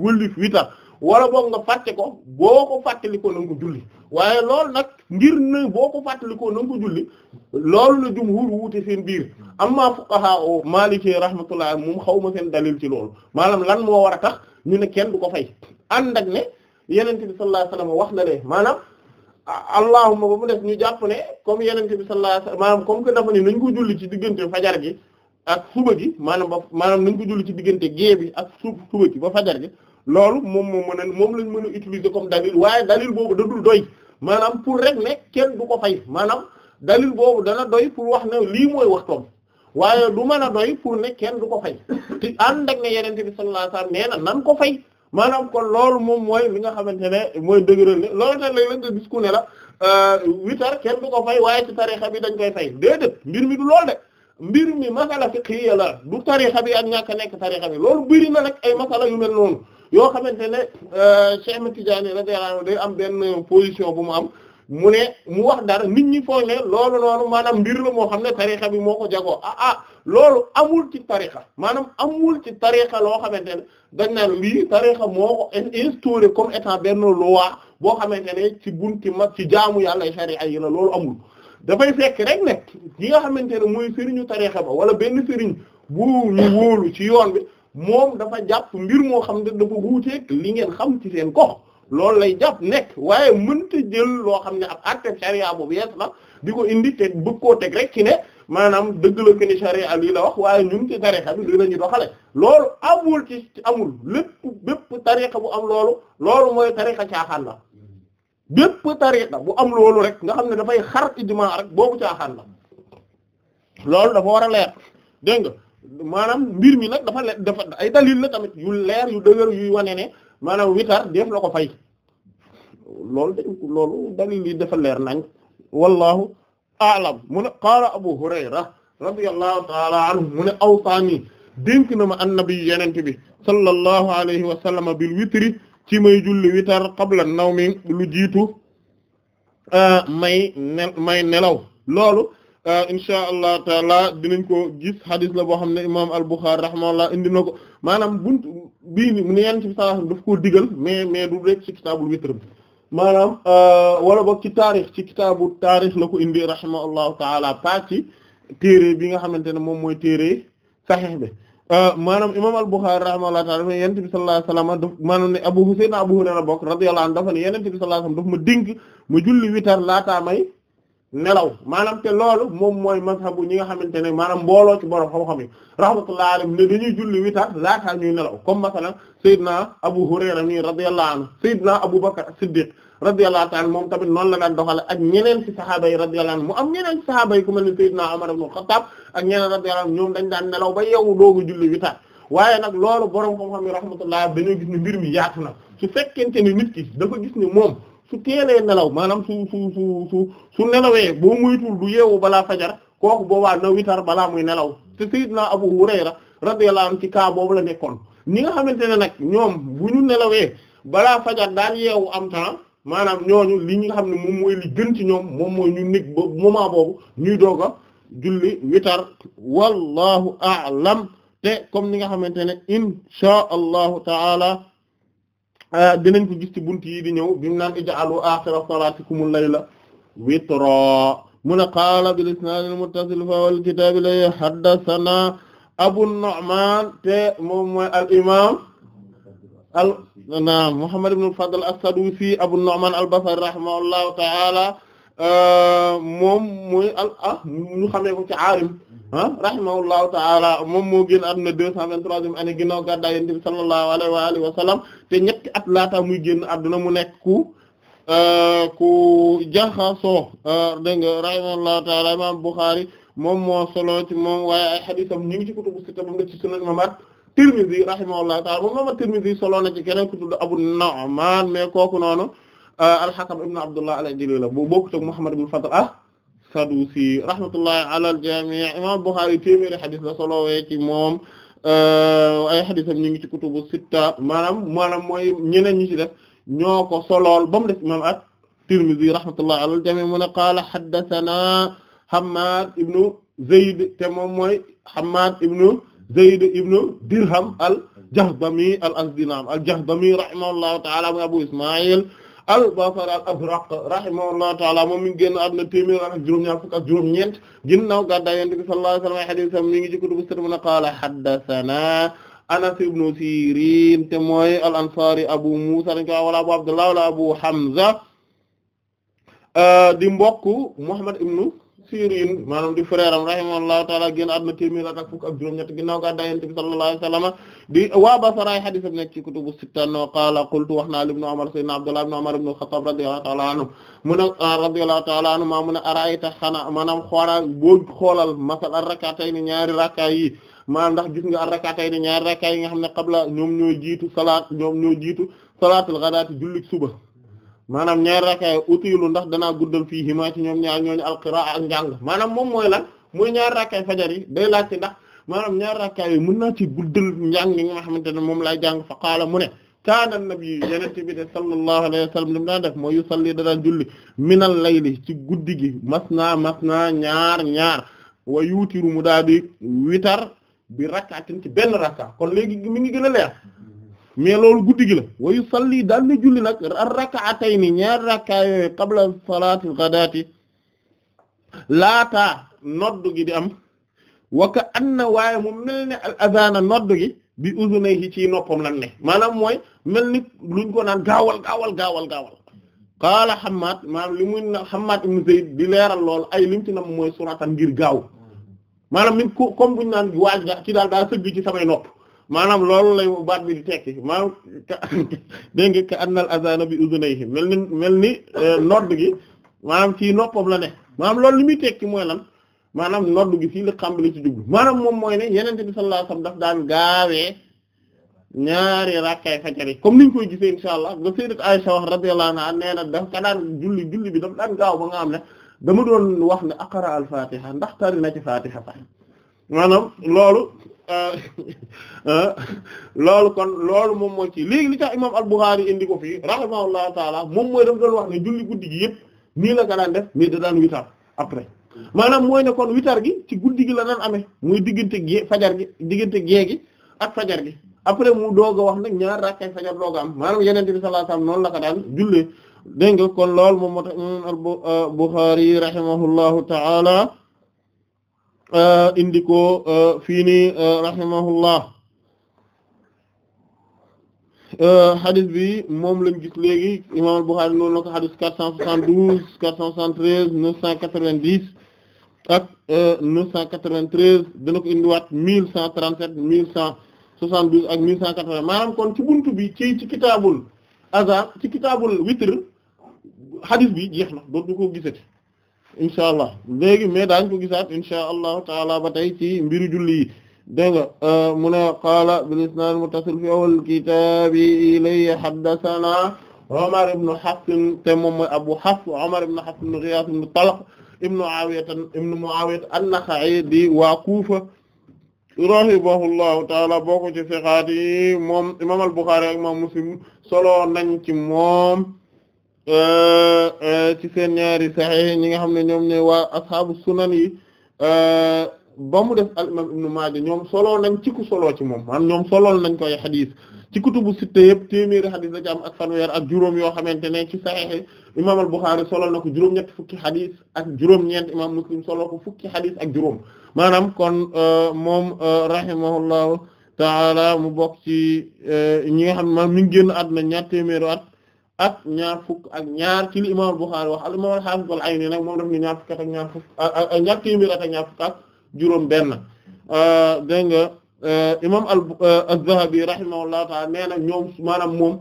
wëllif wita wala boog nga fàtte ko boo ko fàttalikoo na nga ko julli waaye loolu nag ngir ne boo ko fàttalikoo na nga ko julli loolu la jumhur wuute seen biir amma fuqaha o maliki rahmatullah moom xaw ma seen dalil ci lool maanaam lan moo war a tax ñu ne kenn du ko fay ànd ak ne yenent bi sallallahu alayhi wasallam wax na lee maanaam allahumma ba mu def ñu jàpp ne comme yenent bi sallallahu alayhi maanaam kom que dafa ne ko julli ci diggante fajar gi ak suba gi maanaam ba maanaam nañ ko julli ci diggante gée bi ak suuf suba gi ba fajar gi loolu moom moo mën a moom lañ mën a utiliser comme dalil waaye dalil boobu da dul doy maanaam pour rek ne kenn du ko fay maanaam dalil boobu dana doy pour wax ne lii mooy waxtoom waaye du mën a doy pour ne kenn du ko fay te ànd ak ne yenente bi sallallahu alayhi wasallam nee na nan ko fay maanaam ko loolu moom mooy li nga xamante ne mooy dëgëral ne loolu tax léeg-léeg nga gis ku ne la witar euh, kenn du ko fay waaye ci tarixa bi dañ koy fay déedéet mbir mi du lool de mbir mi masala fiqhiyya la du tarixa bi ak ñàkk a nekk tarixa bi loolu bëri na nag ay masala yu mel noonu yoo xamante ne euh, Cheikh Ahmed Tidiane radiyallahu anhu day am benn position bu mu am mu ne mu wax dara nit ñi foog ne loolu noonu maanaam mbir la moo xam ne tarixa bi moo ko jago ah ah loolu amul ci tarixa maanaam amul ci tarixa loo xamante ne dañ naan lii tarixa moo ko instauré comme étant benn loi boo xamante ne ci bunti mag ci jaamu yàlla sharia yi la loolu amul dafay fekk rek ne yi nga xamante ne mooy sëriñu tariixa ba wala benn sëriñ bu ñu wóolu ci yoon bi moom dafa jàpp mbir moo xam ne dafa wuuteeg li ngeen xam ci seen ko loolu lay jàpp nekk waaye mënta jël loo xam ne ab àtte sharia boobu yees la di ko indi te bëgg koo teg rek ci ne maanaam dëgg la que ni sharia la wax waaye ñun ci tariixa bi lii la ñu doxale loolu amul ci amul lépp bépp tariixa bu am loolu loolu mooy tariixa caaxaan la bépp tariqa bu am loolu rek nga xam ne dafay xar ijmaa rek boobu caaxaan la loolu dafa war a leer dégg nga maanaam mbir mi nag dafa le dafa ay dalil la tamit yu leer yu dëgër yuy wane ne maanaam witar def la ko fay loolu dañ loolu dalil yi leer nañ wallahu a'lam mu ne qaala Abu Hurayra radiyallahu ta'ala anhu mu ne awsaani dénk na ma annabi yenente bi sallallahu alayhi wa sallam bil witri ci may julli witar qabla nawmi lu jiitu euh, may ne may nelaw loolu euh, insha allah taala dinañ ko gis hadis la boo xam ne imaam al-Bukhari rahimahullah indi na ko maanaam buntu bii ni ne yan ci digal mais mais du rek ci kitaabul witr bi maanaam euh, wala boog ci taarix ci kitaabu taarix la ko indi rahimahullahu taala pas ci téere bi nga xamante ne moom mooy téere saxiix bi Euh, maanaam imaam al-Bukhârî rahimahullahu ta'ala dafa yonent bi sallallahu maanaam ne Abu Husayn Abu Hurayra bokk radiyallahu anhu dafa ne yonent bi sallallahu alayhi wasallam daf ma ma julli witar laataa may nelaw maanaam te loolu moom mooy mazhabu ñi nga xamante ne maanaam mbooloo ci borom xam-xam yi rahmatullahi alayhim ne dañuy julli witar laataa ñuy nelaw comme masalan Seydina Abu Hurayra ni radiyallahu anhu Seydina Abu Bakr Siddiq radiyallahu ta'ala moom tamit noonu la daan doxale ak ñeneen ci sahaaba yi radiyallahu anhu mu am ñeneen ci sahaaba yi ku mel ni sayyidina Umar ibn Khattab ñeneen radiyallahu ñoom dañ daan nelaw ba yeewu doogu julli witar waaye nag loolu borom xam-xam yi rahmatullah dañoo gis ne mbir mi yaatu na su fekkente ne nit ki dafa gis ne moom su teelee nelaw maanaam su su su su su nelawee boo muytul yeewu balaa fajar kooku boobaa na witar balaa muy nelaw te sayyidina Abu Hurayra radiyallahu anhu ci kaa boobu la nekkoon ñi nga xamante ne nag ñoom bu ñu nelawee balaa fajar daal yeewu am temps maanaam ñooñu li nga xam ne moom mooy li gën ci ñoom moom mooy ñu nekk ba moment boobu ñuy doog a julli witar wallahu a'lam te comme ni nga xamante ne insha allahu taala dinañ ko gis ci bunt yi di ñëw bi mu naan ij'alu akhira salatikumul layla witra mu ne qaala bil isnaad al muttasil fa wal kitaab lay haddathana abu nu'man te moom mooy al imam al naam Muhammad ibn al-Fadl as-Sadusi Abu Nu'man al-Basri rahimahullahu ta'ala euh, moom muy al ah ñu xamee ko ci aalim ah rahimahullahu ta'ala moom moo génn àdduna deux cent vingt-troisième année ginnaaw gàddaay Yonent bi sallallahu alayhi wa alihi wa sallam at laata muy génn àdduna mu nekk ku euh, ku jaxasoo euh, dégg nga rahimahullahu ta'ala imam Bukhari moom moo solo ci moom waaye ay hadiisam ñu ngi ci kutubu sitta ba nga ci Sunan Imam Tirmidhi rahimahullahu ta'ala moom imaam Tirmidhi solo na ci keneen ku tudd Abu Nu'man mais kooku noonu euh, al-Hakam ibn Abdullah al-Ajli la bu bokk ak Muhammad ibn Fadl as-Sadusi rahmatullahi ala al-jami' imaam Bukhari téeméeri xadis la solo wee ci moom euh, ay xadisam ñu ngi ci maanaam maanaam mooy ñeneen ñi ci def ñoo ko solool ba mu def imaam at-Tirmidhi rahmatullahi ala al-jami' mu ne qaala haddathana Hammad ibn Zayd te moom mooy Hammad ibn Zayd ibnu Dirham al-Jahdami al-Azdi naam al-Jahdami rahimahullahu ta'ala mu Abu Ismaïl al-Basri al-Azraq rahimahullahu ta'ala moom mi ngi génn àdduna téeméer ak juróom-ñaar fukk ak juróom-ñeent ginnaaw gàddaay Yonent bi sallallahu alayhi wa sallam hadiisam mi ngi ci kutubu sitta mu qaala haddasanaa Anas ibnu Sirin te mooy al-Ansari Abu Musa wala Abu Abdullah wala Abu Hamza di mbokk Muhammad ibnu Sirin maanaam di frère am rahimahullahu taala génn àdduna téeméer ak fukk ak juróom-ñett ginnaaw gàddaay Yonent bi sallallahu alayhi wa sallam di waa Basra hadith am nekk ci kutubu no qaala qultu wax naa li Ibn Umar sayyidina Abdullah ibn Umar ibn al-Khattab radiyallahu taala anhu mu ne ah, radiyallahu taala anhu maa ma ne arayta xanaa maanaam xoola boo xoolal masal ar-rak'atayni ñaari rakka yi maanaam ndax gis nga ar-rak'atayni ñaari rakka yi nga xam ne qabla ñoom ñoo jiitu salaat ñoom ñoo jiitu salaatul ghadaati jullik suba maanaam ñaari rakkaay utiilu ndax danaa guddal fii himaa ci ñoom ñaar ñooñu alqiraa ak njàng maanaam moom mooy lan mooy ñaari rakkaay fajar yi day laajte ndax maanaam ñaari rakkaay yi mën naa ci guddal njàng nga xamante ne moom laay jàng fa qaala mu ne kaana nabi yenente bi de sallallahu alayhi wa sallam li mu daan def mooy yusalli danaan julli minal layli ci guddi gi mas naa mas naa ñaar ñaar wa yuutiru mu daal di witar bi rakkaatin ci benn rakka kon léegi mi ngi gën a leer mais loolu guddi gi la wa yusalli daal di julli nag rak'atayni ñaar rakka yooyu qabla salaatil ghadaati laataa noddu gi di am wa ka waaye mu mel ne al adhaana noddu gi bi uzunayhi ci noppam lan ne maanaam mooy mel ni luñ ko naan gaawal gaawal gaawal gaawal qaala Hammaad maanaam li muy Hammaad ibn Zayd di leeral lool ay lim ci nam mooy suratan ngir gaaw maanaam min comme buñ naan waaj nga ci daal daa sëgg ci samay nopp maanaam loolu lay baat bi di tekki maanaam dégg nga ka annal azana bi udunayhim mel ni mel ni euh, nodd gi maanaam ci noppam la ne maanaam loolu li muy tekki mooy lan maanaam nodd gi fii la xambali ci jublu maanaam moom mooy ne yeneen bi sallallahu alayhi wasallam daf daan gaawee ñaari rakkaay fajar yi comme niñ koy gisee insha allah ba sayyidat Aisha wax radiyallahu anha nee na daf ka daan julli julli bi daf daan gaaw ba nga xam ne dama doon wax ne aqara al fatiha ndax tari na ci fatiha sax maanaam Euh, euh, loolu kon loolu moom moo ci léegi li tax imaam al-Bukhari indi ko fii rahimahullahu taala moom mooy daf doon wax ne julli guddi gi yëpp nii la ko daan def mais da daan witar après maanaam mooy ne kon witar gi ci guddi gi la daan amee muy diggante gée fajar gi diggante gée gi ak fajar gi après mu doog wax nag ñaar rakkay fajar doog am maanaam yeneen bi sallallahu alayhi noonu la ko daan jullee dégg nga kon loolu moom moo tax imaam al-Bukhari euh, rahimahullahu taala Euh, indi ko euh, fii nii euh, rahimahullah hadith bi moom lañ gis léegi imam al-Bukhari noonu la ko hadith 472 473 990 ak 993 dana ko indiwaat 1137 1172 ak 1180 maanaam kon ci buntu bi ci ci kitaabul azar ci kitaabul witr hadith bi jeex na dootu ko gisati. incha allah léegi mais daañ ko gisaat inchaa allahu taala ba tey julli yi dégg euh, qaala bil isnaad muttasil kitaabi ilay haddathana Omar ibn Hafs te moom Abu Hafs Omar ibn Hafs ibn ibn Talq ibn Mu'aawiya ibn Mu'aawiya an di waa Kuufa rahimahullahu taala boo ci siqaat yi moom al-Bukhari ak imaam Muslim solo nañ ci Euh, euh, ci seen ñaari sahih ñi nga xam ne ñoom ñooy waa ashabu sunan yi euh, ba mu def al imam nu Maaja ñoom soloo nañ ci ku ci moom maanaam ñoom solool nañ koy xadis ci kutubu sitte yëpp téeméeri xadis la ci am ak fanweer ak juróom yoo xamante ne ci sahih imam al Bukhari solool na ko juróom-ñett fukki xadis ak juróom-ñeent imam Muslim soloo ko fukki xadis ak juróom maanaam kon moom rahimahullahu taala mu bokk ci ñi nga xam ne maanaam mi ngi génn àdduna ñaar téeméeru at ak ñaar fukk ak ñaar ci li imam Bukhari wax al imam al-Hafiz al-Ayni nag moom daf ni ñaar fukk ak ñaar fukk ak ñaar téeméer ak ñaar fukk ak juróom benn euh, dégg nga euh, imam euh, az-Zahabi rahimahullahu ta'ala na ñoom maanaam moom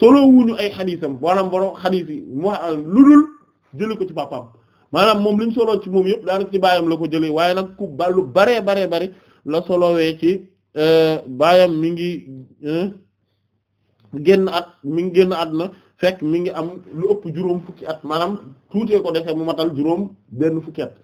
solowuñu wuñu ay xadiisam maanaam borom xadiis yi lu ludul jëlee ko ci papaam maanaam moom li mu ci moom yëpp daanaka ci baayam la ko jëlee waaye nag ku balu baree baree bari la solowee ci baayam mi ngi génn at mi ngi génn at na. fekk mi ngi am lu ëpp juróom fukki at maanaam tuutee ko mu matal juróom benn fukki at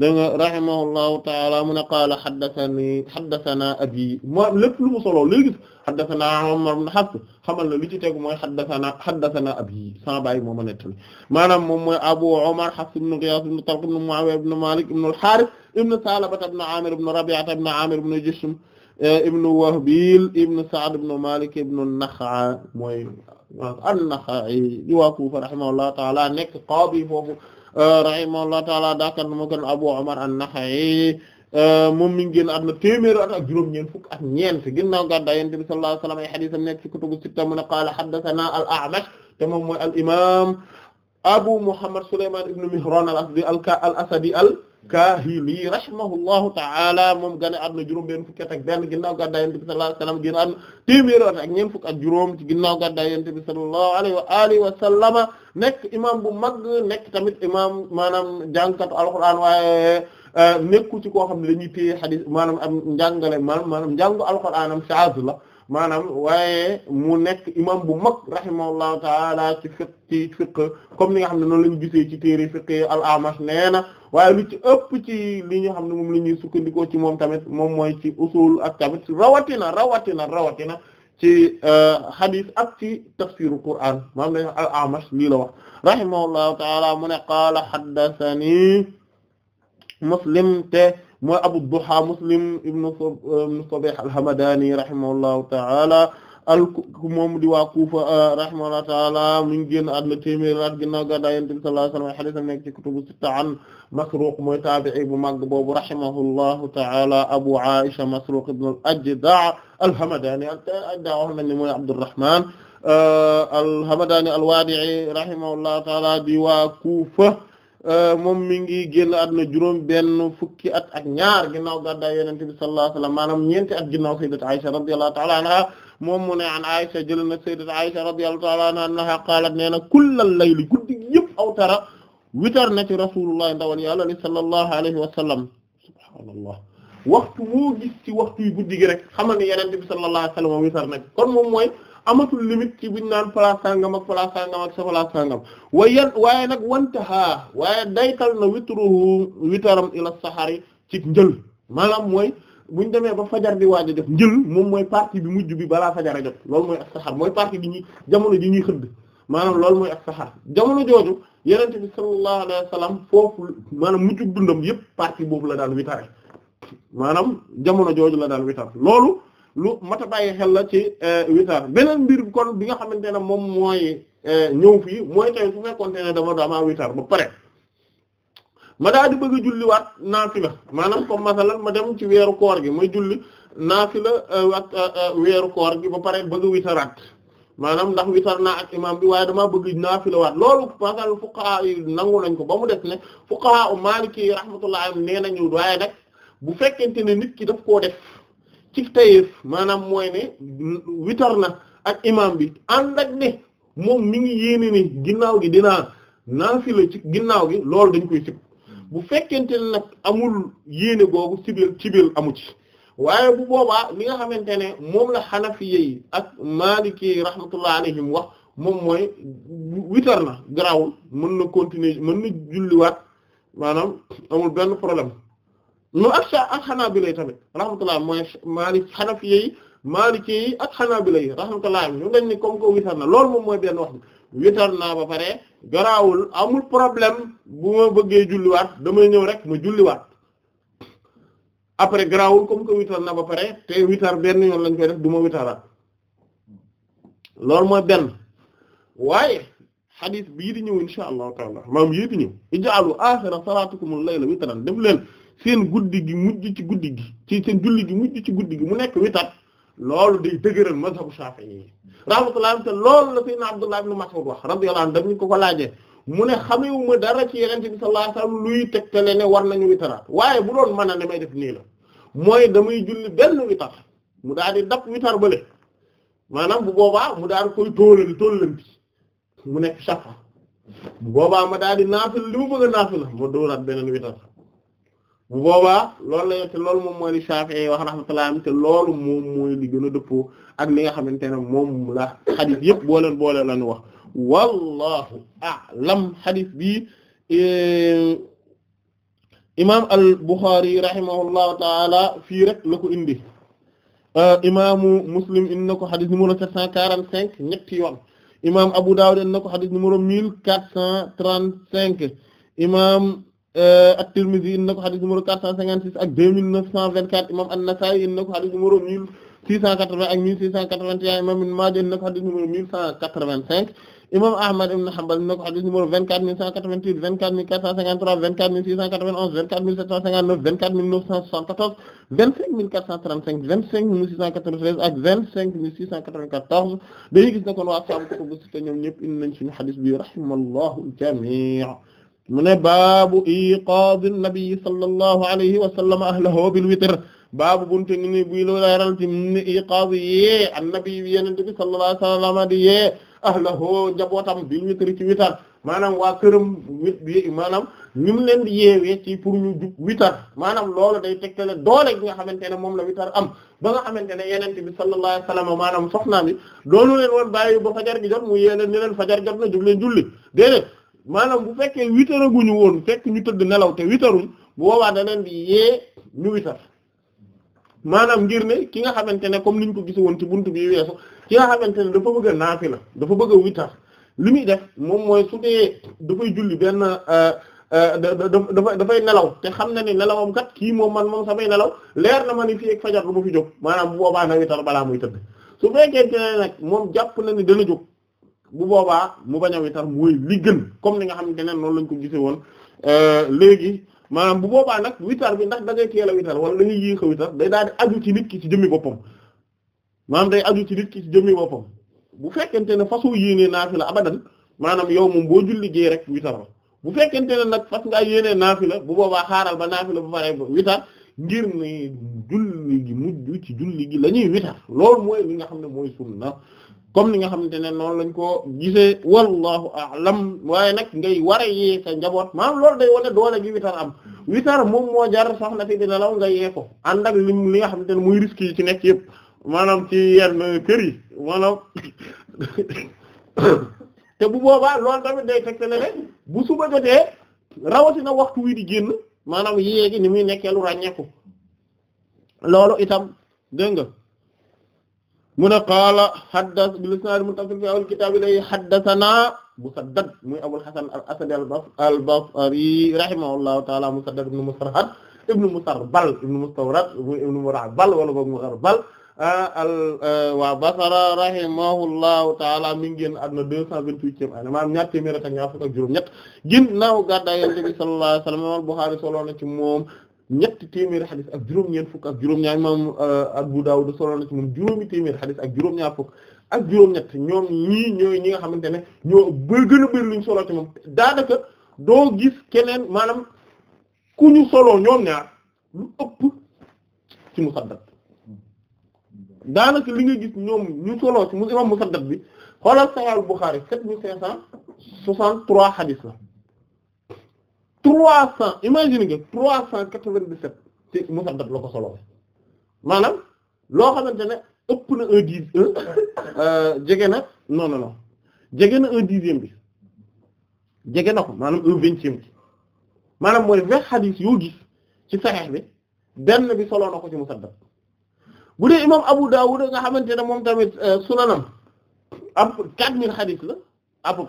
dégg nga rahimahullahu taala mun a qaala haddathani haddathana abi lépp lu mu solo léegi haddathana Umar ibn na li ci tegu mooy haddathana haddathana abi sama baay moo ma nettali maanaam moom mooy Abu Umar Hafs ibn Ghiyath ibn Talq ibn Mu'awiya ibn Malik ibn al-Harith ibn Salaba ibn Amir ibn Rabi'a ibn Amir ibn Jishm eh, ibn Wahbil ibn Sa'd ibn Malik ibn Nakha mooy an-Naxa'i di waa Kufa rahimahullahu ta'ala nekk qaadi foofu euh, rahimahullahu ta'ala daakan moo gën Abu Umar an-Naxa'i euh, moom mi ngi génn àdduna téeméeri at ak juróom-ñeent fukk ak ñeent ginnaaw gàddaay Yonent bi sallallahu alayhi wa sallam ay hadiisam nekk ci kutubu sitta mu ne qaala haddathanaa al-A'mash te moom al imaam Abu Muhammad Sulaymaan ibn Mihraan al-Asadi al-Asadi al asadi al Kaahili rahimahullahu ta'ala moom gane àdduna juróom-benn fukki at ak benn ginnaaw gàddaay Yonent bi sallallahu alayhi wa sallam génn àdduna téeméeri at ak ñeent fukk ak juróom ci ginnaaw gàddaay Yonent bi sallallahu alayhi wa alihi wa sallama nekk imam bu mag nekk tamit imam maanaam jàngkatu alquran waaye euh, nekku ci koo xam ne dañuy téye xadis am njàngale maanaam maanaam njàngu alquran am la maanaam waaye mu nekk imam bu mag rahimahullahu ta'ala ci fiqh ci fiqh comme ni nga xam ne noonu lañu gisee ci téere fiqh al-Amash na waaye li ci ëpp ci li ñu xam ne moom la ñuy sukkandikoo ci moom tamit moom mooy ci usul ak tamit rawatina rawatina rawatina ci euh, hadith ak ci tafsiru Qur'an maam la al-Amash lii la wax rahimahullahu ta'ala mu ne qaala haddathani Muslim te mooy Abu Duha Muslim ibn Sabih al-Hamadani rahimahullahu ta'ala al moom di waa Kufa ah, rahimahullahu ta'ala mi ngi génn àdduna téeméer at ginnaaw gàddaay Yonent bi sallallahu alayhi Masruq mooy taabi'i bu mag boobu rahimahullahu ta'ala Abu Aisha Masruq ibn al-Ajda' al-Hamdani al-Ajda' wax nañ ne mooy Abdurrahman ah, al-Hamdani al-Wadi'i rahimahullahu ta'ala di waa ah, moom mi ngi génn àdduna juróom fukki at ak ñaar ginnaaw gàddaay Yonent bi sallallahu alayhi wa sallam maanaam ñeenti at ginnaaw sayyidat Aisha radiyallahu ta'ala anha moom mu ne an Aisha jël na sayyidati Aisha radiyallahu ta'ala anha annaha qalat nee na kullal layli guddi yëpp awtara witar na ci rasulullah ndawal yàlla ni sallallahu alayhi wa sallam subhaanallah waxtu woo gis ci waxtu yu guddi gi rek xamal ne yenente bi sallallahu alayhi wa sallam witar na kon moom mooy amatul limite ci buñ naan place sangam ak place sangam ak sa place sangam wayen waaye nag wantaha waaye daytal na witruhu witaram ila sahari ci njël maanaam mooy buñ demee ba fajar di waaj a def njël moom mooy partie bi mu bi balaa fajar a jot loolu mooy as-saxaar mooy partie bi ñuy jamono ji ñuy xëdd maanaam loolu mooy as-saxaar jamono jooju yenente bi sallallahu alayhi wa sallam foofu maanaam mujj dundam yëpp partie boobu la daan witare maanaam jamono jooju la daan witar loolu lu mat a bàyyi xel la ci eh, witar beneen mbir kon bi nga xamante ne moom mooy eh, ñëw fii mooy tey su fekkoonte ne dama dama witar ba pare ma daa di bëgg a julliwaat naafila maanaam comme masalan ma dem ci weeru koor gi ma julli naafila euh, ak euh, euh, weeru koor gi ba pare ba a witaraat maanaam ndax witar naa ak imaam bi waaye damaa bëgg naafilawaat loolu masalan fuqaha yi nangu nañ ko ba mu def ne fuqaha u maliki rahmatullah nee nañu waaye nag bu fekkente ne nit ki daf koo def ci tayeef maanaam mooy ne witar na ak imaam bi ànd ak ne moom mi ngi yéene ni ginnaaw gi dinaa naafila ci ginnaaw gi loolu dañ koy sib bu fekkente ne nag amul yéene googu cibir cibir amu ci waaye bu boobaa li nga xamante ne moom la xanafiye yi ak maliki rahmatullah alayhim wax moom mooy witar na garawul mën na continuer mën na julliwaat maanaam amul benn problème no ak sa ak xanaabila yi tamit rahmatullah mooy maalik xanafiye yi maliki yi ak xanaabila yi rahmatullah ñu dañ ni comme witar na lool moom mooy benn wax bi witar naa ba pare garaawul amul problème bu ma bëggee julliwaat damay ñëw rek ma julliwaat après garaawul comme que witar naa ba pare te witar benn yoon lañ koy def du ma witaraat loolu mooy benn waaye xadis bii di ñëw insha allahu taala maam yii di ñëw ij'alu aaxira salaatukumul layla witran def leen seen guddi gi mujj ci guddi gi ci seen julli gi mujj ci guddi gi mu nekk witar loolu day dëgëral mazhabu Shafi'i yi rahmatullahi te loolu la sayyidina Abdullah ibn Mas'ud wax radiyallahu anhu dañu ko ko laajee mu ne xamewuma dara ci yeneen bi sallallahu alayhi wasallam luy tegtale ne war ñu witaraat waaye bu doon mën a ne may def nii mooy damay julli benn witar mu daal di dab witar bële maanaam bu boobaa mu daal koy tóolal tóollanti mu ne shafa bu boobaa ma daal di naafil li mu bëgg a naafil ma dóoraat beneen witar bu boobaa loolu la loolu moom mooy li Shafi'i wax rahmatullah am te loolu moom mooy li gën a dëppoo ak li nga xamante ne moom la xadis yëpp boo leen boole lañu wax wallahu a'lam xadis bi imam al-Bukhari rahimahullahu taala fii rek la ko indi imaamu Muslim indi na ko xadis numéro 745 ñetti yoon imam Abu Dawud indi na ko xadis numéro 1435 imam Euh, at-Tirmidhi indi na ko xadis numéro 456 ak 2924 imam an-Nasa'i indi na ko xadis numéro 1680 ak 1681 imam Ibn Maaja indi na ko xadis numéro 1185 imam Ahmad ibn Hanbal indi na ko xadis numéro 24188 24453 24691 24759 24974 25435 25693 ak 25694 dañuy gis ne kon waa sahaabu kutubu sitta ñoom ñëpp indi nañ suñu xadis bi rahimallahu al-jami' mu ne baabu iqaadi nabi sallallahu alayhi wa sallam ahlahu bil witr baabu bunte ngi ni buy leeral ci ni iqaadi yee annabi bi yenente bi sallallahu alayhi wa sallam di yee ahlahu jabootam bil witr ci witar maanaam waa këram wit bi maanaam ñu mu leen di yeewee ci pour ñu jub witar maanaam loolu day tegtale doole gi nga xamante ne moom la witar am ba nga xamante ne yenente bi sallallahu alayhi wa sallam maanaam soxnaam yi loolu leen woon bàyyi ba fajar gi jot mu yee leen ne leen fajar jot na jóg leen julli déedéet maanaam bu fekkee witaraguñu woon fekk ñu tëdd nelaw te witaruñ bu boobaa da leen di yee ñu witar maanaam ngir ne ki nga xamante ne comme ni ñu ko gis woon ci bunt bi weesu ki nga xamante ne dafa bëgg a naafila dafa bëgg a witar li muy def moom mooy su dee dafay julli benn euh, euh, dafa dafay nelaw te xam na ne nelawam kat kii moom man moom samay nelaw leer na ma ni fii ak fajar du ma fi jóg maanaam bu boobaa na witar balaa muy tëdd su fekkente ne nag moom jàp na ni dana jóg. bu boobaa mu bañ a witar mooy li gën comme ni nga xam ne noonu lañ ko gisee woon euh, léegi maanaam bu boobaa nag witar bi ndax dangay ngay teel a witar wala da ngay yéex a witar day daal di aju ci nit ki ci jëmmi boppam maanaam day aju ci nit ki ci jëmmi boppam bu fekkente ne façon yéenee naafila abadan maanaam yow moom boo julli gee rek witar la bu fekkente ne nag fas ngaa yéenee naafila bu boobaa xaaral ba naafila ba pare witar ngir ni julli gi mujj ci julli gi la ñuy witar lool mooy li nga xam ne mooy na comme ni nga xamante ne noonu lañ ko gisee wallahu a'lam waaye nag ngay war a sa njaboot maanaam loolu day wane doole gi witar am witar moom moo jar soxna si dina law nga yee ko ànd ak lim li nga xamante ne muy risques yi ci nekk yëpp maanaam ci yenn kër yi maanaam te bu boobaa loolu tamit day fekk ne bu suba jotee rawatina waxtu wii di génn maanaam yéegi ni muy nekkee lu ràññeeku loolu itam dégg nga mu ne qaala haddas bil isnaad muttasil fi awal kitaab ilay haddasanaa Musaddad muy Abul Hasan al-Asadi al-Basri rahimahullahu ta'aala Musaddad ibn Musarhad ibn Musarbal ibn Mustawrad ibn Murabal wala boog Mugarbal ah, al ah, waa Basra rahimahullahu ta'aala mi ngi génn àdduna deux cent vingt-huitième année maanaam ñaar téeméer ak ñaar fukk ak juróom-ñett ginnaaw gàddaay Yonent bi sallallahu alayhi wa sallam Bukhari solo na ci moom ñetti téeméeri xadis ak juróom-ñeent fukk ak juróom-ñaar imam euh, Abu Dawud solo na ci moom juróomi téeméeri xadis ak juróom-ñaar fukk ak juróom-ñett ñoom ñii ñooy ñi nga xamante ne ñoo bëri gën a bëri luñ solo ci moom daanaka doo gis keneen maanaam ku ñu solo ñoom ñaar lu ëpp ci musaddad li nga gis ñoom ñu solo ci mu imam musaddad bi xoolal Sahih Bukhari sept mille cinq cent soixante-trois xadis la trois cent imagine nga trois cent quatre-vingt-dix-sept ci musaddad la ko solo maanaam loo xamante ne ëpp na un dix euh, jege na non non jege na un dixième bi jege na ko maanaam un vingtième bi maanaam mooy vingt xadiis yoo gis ci Sahih bi benn bi solo na ko ci musaddad bu dee imam Abu Dawud nga xamante ne moom tamit euh, sunanam am quatre mille xadiis la à peu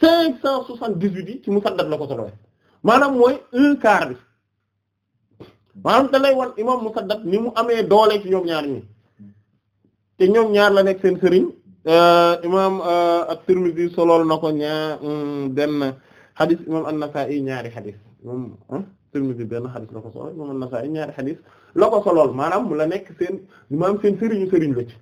cinq cent soixante-dix-huit yi ci musaddad la ko solowe maanaam mooy un quart bi maanaam da lay wan imam musaddad ni mu amee doole ci ñoom ñaar ñi te ñoom ñaar la nekk seen sëriñ euh, imam euh, a tirmidhi solool na ko ñaar hmm, benn xadis imam an-Nasa'i ñaari xadis moom Tirmidhi benn xadis la ko solool imam an-Nasa'i ñaari xadis la ko solool maanaam mu la nekk seen maanaam seen sëriñu sëriñ la ci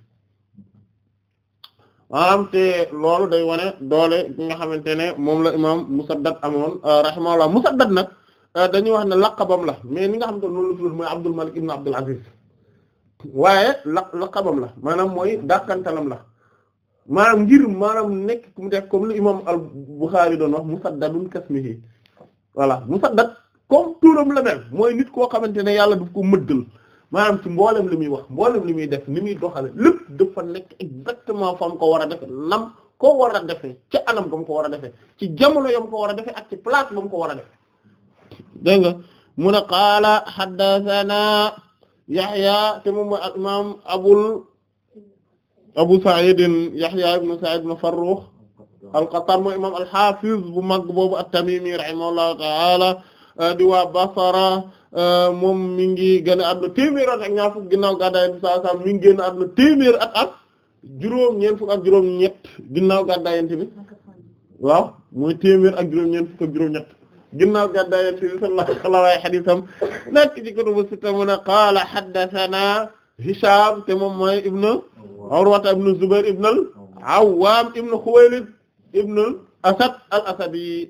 maanaam te loolu day wane doole bi nga xamante ne moom la imaam Musaddad amoon euh, rahimahullah Musaddad nag euh, dañuy wax ne laqabam la mais ni nga xam ne loolu la tudd mooy Abdul Malik ibn Abdul Aziz waaye la laqabam la maanaam mooy dàkkantalam la maanaam ngir maanaam nekk ku mu def comme lu imaam al-Bukhari doon wax Musaddadun kasmihi voilà Musaddad comme turam la mel mooy nit koo xamante ne yàlla daf ko mëddal. maanaam ci mboolem li muy wax mboolem li muy def ni muy doxale lépp dafa nekk exactement fam ko war a defe nam ko war a defee ci anam ba mu ko war a defee ci jamono yam ko war a defee ak ci place ba mu ko war a defee dégg nga mu ne qaala haddathana Yahya te moom al imam Abu Sa'id Yahya ibn Sa'id ibn Farrukh al-Qattan mooy imam al-Hafiz bu mag boobu at-Tamimi rahimahullahu ta'ala Euh, di waa Basra euh, moom mi ngi gën a àdduna téeméer at ak ñaar fukk ginnaaw gàddaay yonent bi sallallahu alayhi wasallam mi ngi gën a àdduna téeméer at ak juróom ñeent fukk ak juróom ñett ginnaaw gàddaay yonent bi waaw mooy téeméer ak juróom ñeent fukk ak juróom ñett ginnaaw gàddaay yonent bi sallallahu alayhi wasallam waaye hadiisam nekk ci kutubu sitta mu ne qaala haddasanaa Hishaam te moom mooy ibnu Urwata ibnu Zubayr ibnu al-Awwaam ibnu Xuwaylid ibnu asad al asadi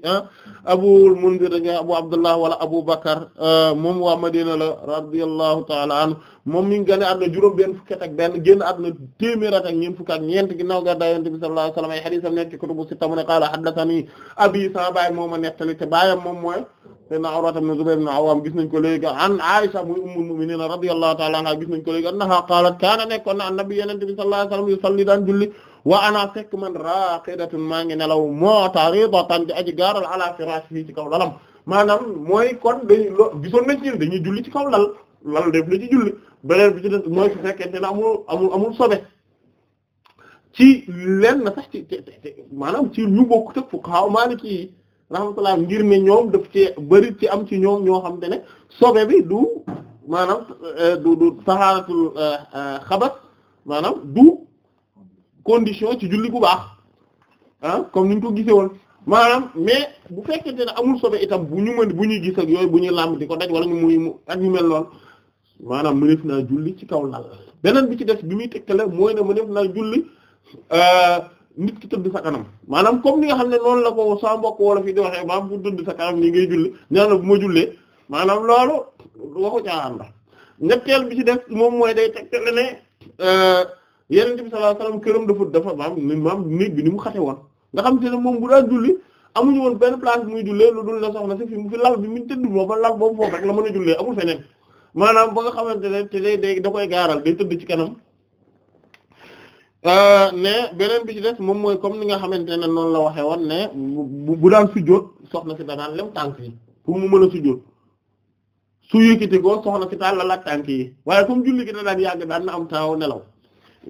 abul ah, munzir dañu abu abdullah wala abu bakar ah, moom waa madina la radiyallahu taala anhu moom mi ngi gane àdduna juróom benn fukki ak benn génn àdduna téeméer at ak ñeent fukk ak ñeent ginnaaw gàddaay Yonent bi sallallahu alayhi wa sallam ay hadiisam nekk ci kutubu sitta mu ne qaala haddathanii abii sama baay a nettali te baayam moom mooy sayyidunaa Urwata ibn Zubayr ibn Awwaam gis nañ ko léegi an Aisha muy ummul mu'miniin radiyallahu ta'ala anha gis an-nabi Yonent bi sallallahu alayhi wa waa ana fekk man raqidatun maa ngi nelaw mu'taridatan di aji gaaral ala firashi ci kaw lalam maanaam mooy kon dañuy gisoon nañ ci dañuy julli ci kaw dal lal def la ci julli beneen bi ci des mooy su fekkente ne amul amul amul sobe ci leen na sax ci maanaam ci ñu bokk te fuqaha maliki yi rahmatullah ne ñoom daf ci bari ci am ci ñoom ñoo xam te ne sobe bi du maanaam euh, du du condition ci julli bu baax ah comme ni ñu ko gisee woon maanaam mais bu te ne amul sobe itam bu ñu mën bu ñuy gis ak yooyu bu ñuy làmb di ko daj wala ñu muy ak ñu mel noonu maanaam mëneef naa julli ci kaw laal beneen bi ci def bi muy tegtale mooy ne mëneef naa julli euh, nit ki tëdd sa kanam maanaam comme ni nga xam ne noonu la ko saa mbokk wala fi di waxee maanaam bu tëdd sa kanam ni ngay julli ñaan la bu ma jullee maanaam loolu waxu caaxaan la ñetteel bi ci def moom mooy day tegtale ne. Euh, yeneen bi sallallahu alayhi wasallam këram dafa dafa mu xate woon nga xam te ne moom bu daan woon benn place bu muy jullee lu dul la soxna si fi bi mu tëdd booba lal boobu foofu rek mën a jullee amul feneen maanaam ba nga xamante ne te day day da koy gaaral day tëdd ci kanam euh, ne beneen bi ci des moom mooy comme ni nga xamante ne noonu la waxee woon ne bu daan sujjóot soxna si danaan lem tànk yi pour mu mën a sujjóot su yëkkati ko soxna si tàllalaat tànk yi waaye comme julli gi da daan yàgg daan na am taaw nelaw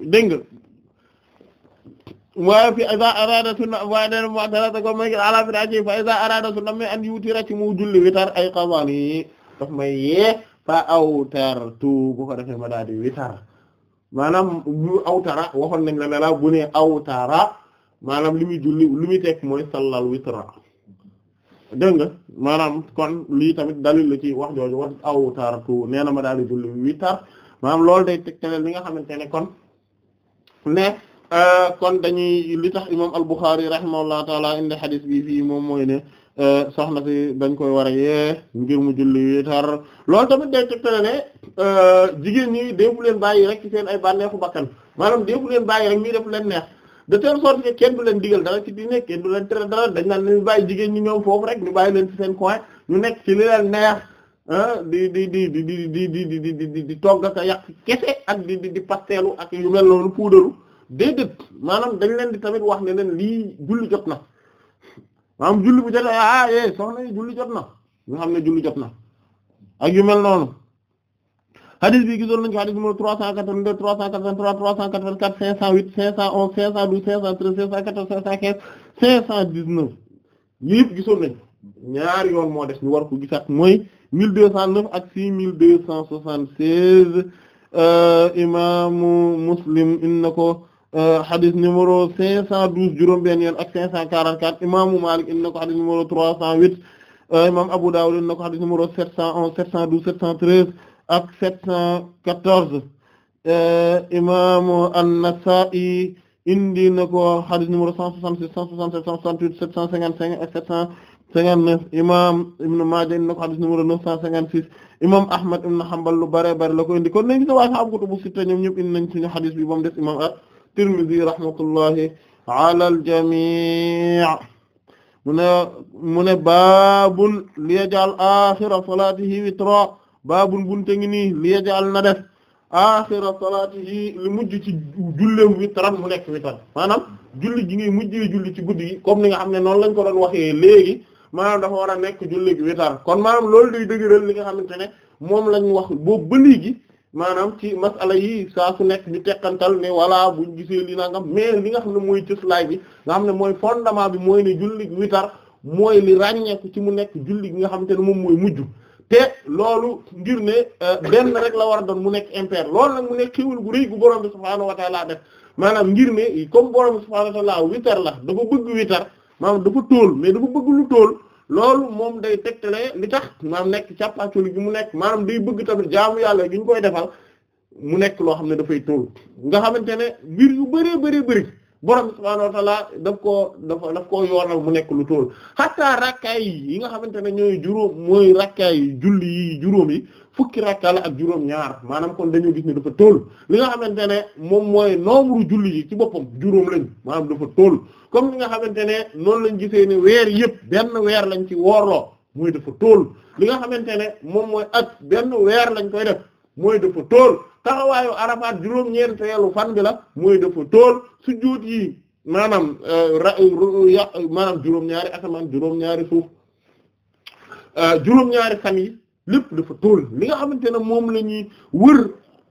dégg nga waaye fi iza arada sunna waaye den mu'tara ko may ala firaashi fa iza arada sunna mais yuutira ci mu julli witar ay xaban yi daf may yee fa awtar tu bu ko defee ma daal di witar maanaam bu awtara waxoon nañ la ne la bu ne awtara maanaam li muy julli li muy teg mooy sallal witra dégg nga maanaam kon lii tamit dalil la ci wax jooju wax awtara tu nee na ma daal di julli witar maanaam loolu day teg li nga xamante ne kon mais euh, kon dañuy li tax imam al-Bukhari rahimahullahu taala indi xadis bi fii moom mooy ne euh, soxna si dañ koy war a yee ngir mu julli wiitar loolu tamit de tegtale ne euh, jigéen ñi déebu leen bàyyi rek ci seen ay bànneexu bakkan maanaam déebu leen bàyyi rek ñuy def leen neex de telle sorte que kenn du leen digal dara ci diine kenn du leen tere dara dañ naan ñu bàyyi jigéen ñi ñoom foofu rek ñu bàyyi leen ci seen coin ñu nekk ci li neex di di di di di di di di di di togg ak yàq kese ak di di di pasteelu ak yu mel noonu puudaru déedéet maanaam dañ leen di tamit wax ne leen lii julli jot na maanaam julli bu jot ah eh soxna yi julli jot na ñu xam ne julli jot na ak yu mel noonu. hadis bi gisoon nañu ko hadis numéro 382 383 384 508 511 512 513 514 515 519 yëpp gisoon nañu ñaari yoon moo des ñu war ko gisaat mooy. 1209 ak 6276 euh, imaamu Muslim inna ko hadis euh, numéro 512 juróom benn yoon ak 544 imaamu Maalik inna ko hadis numéro 308 euh, imam Abu Dawud inna ko hadis numéro 711 712 713 ak 714 imaamu An-Nasaa'i na ko hadis numéro 166 167 168 755 ak 700 59 imam Ibn Maaja indi na ko xadis numéro 956 imam Ahmad ibn Hanbal lu bare bare la ko indi kon nañ gis waa sa abugotu bu sitta ñoom ñëpp indi nañ suñu xadis bi ba mu des imam at-Tirmidhi rahmatullahi ala al-jami' mu ne mu ne baabun liyaj'al axira salaatihi witra baabun bunte ngi nii liyaj'al na def axira salaatihi li mujj ci julleem witran mu nekk witran maanaam julli gi ngay mujjee julli ci guddi gi comme ni nga xam ne noonu lañ ko doon waxee léegi maanaam dafa war a nekk julli witar kon maanaam loolu luy dëgëral li nga xamante ne moom lañ wax boobu ba léegi maanaam ci masala yi saa su nekk ñu teqantal ne walla ñu gisee li nangam mais li nga xam ne mooy cëslaay bi nga xam ne mooy fondement bi mooy ne julli witar mooy li ràññeeku ci mu nekk julli gi nga xamante ne moom mooy mujj te loolu ngir ne euh, benn rek la war a doon mu nekk impair loolu nag mu nekk xiwul gu rëy gu borom bi subhaanahu wa ta'ala def maanaam ngir ne comme borom bi subhaanahu la dafa bëgg witar maanaam dafa tóol mais dafa bëgg lu tóol loolu moom day tegte tegtale li tax maam nekk càppaacoli gi mu nekk maanaam day bëgg tamit jaamu yàlla gi ñu koy defal mu nekk loo xam ne dafay tóol nga xamante ne mbir yu bëree bëri bëri borom subhaanahu wa daf koo dafa daf koo yoonal mu nekk lu tóol xatta rakkaay yi nga xamante ne ñooy juróom mooy rakkaay julli yi juróom yi fukki rakka ak juróom-ñaar maanaam kon dañuy gis ne dafa tool li nga xamante ne moom mooy nombre julli yi ci boppam juróom lañ maanaam dafa tool comme li nga xamante ne noonu lañ gisee ne weer yëpp benn weer lañ ci woorloo mooy dafa tool li nga xamante ne moom mooy ak benn weer lañ koy def mooy dafa tool taxawaayu arafaat juróom-ñeenteelu fan bi la mooy dafa tool sujjóot yi maanaam euh, maanaam juróom-ñaari asamaan juróom-ñaari suuf euh, juróom-ñaari lépp dafa tóol li nga xamante ne moom la ñuy wër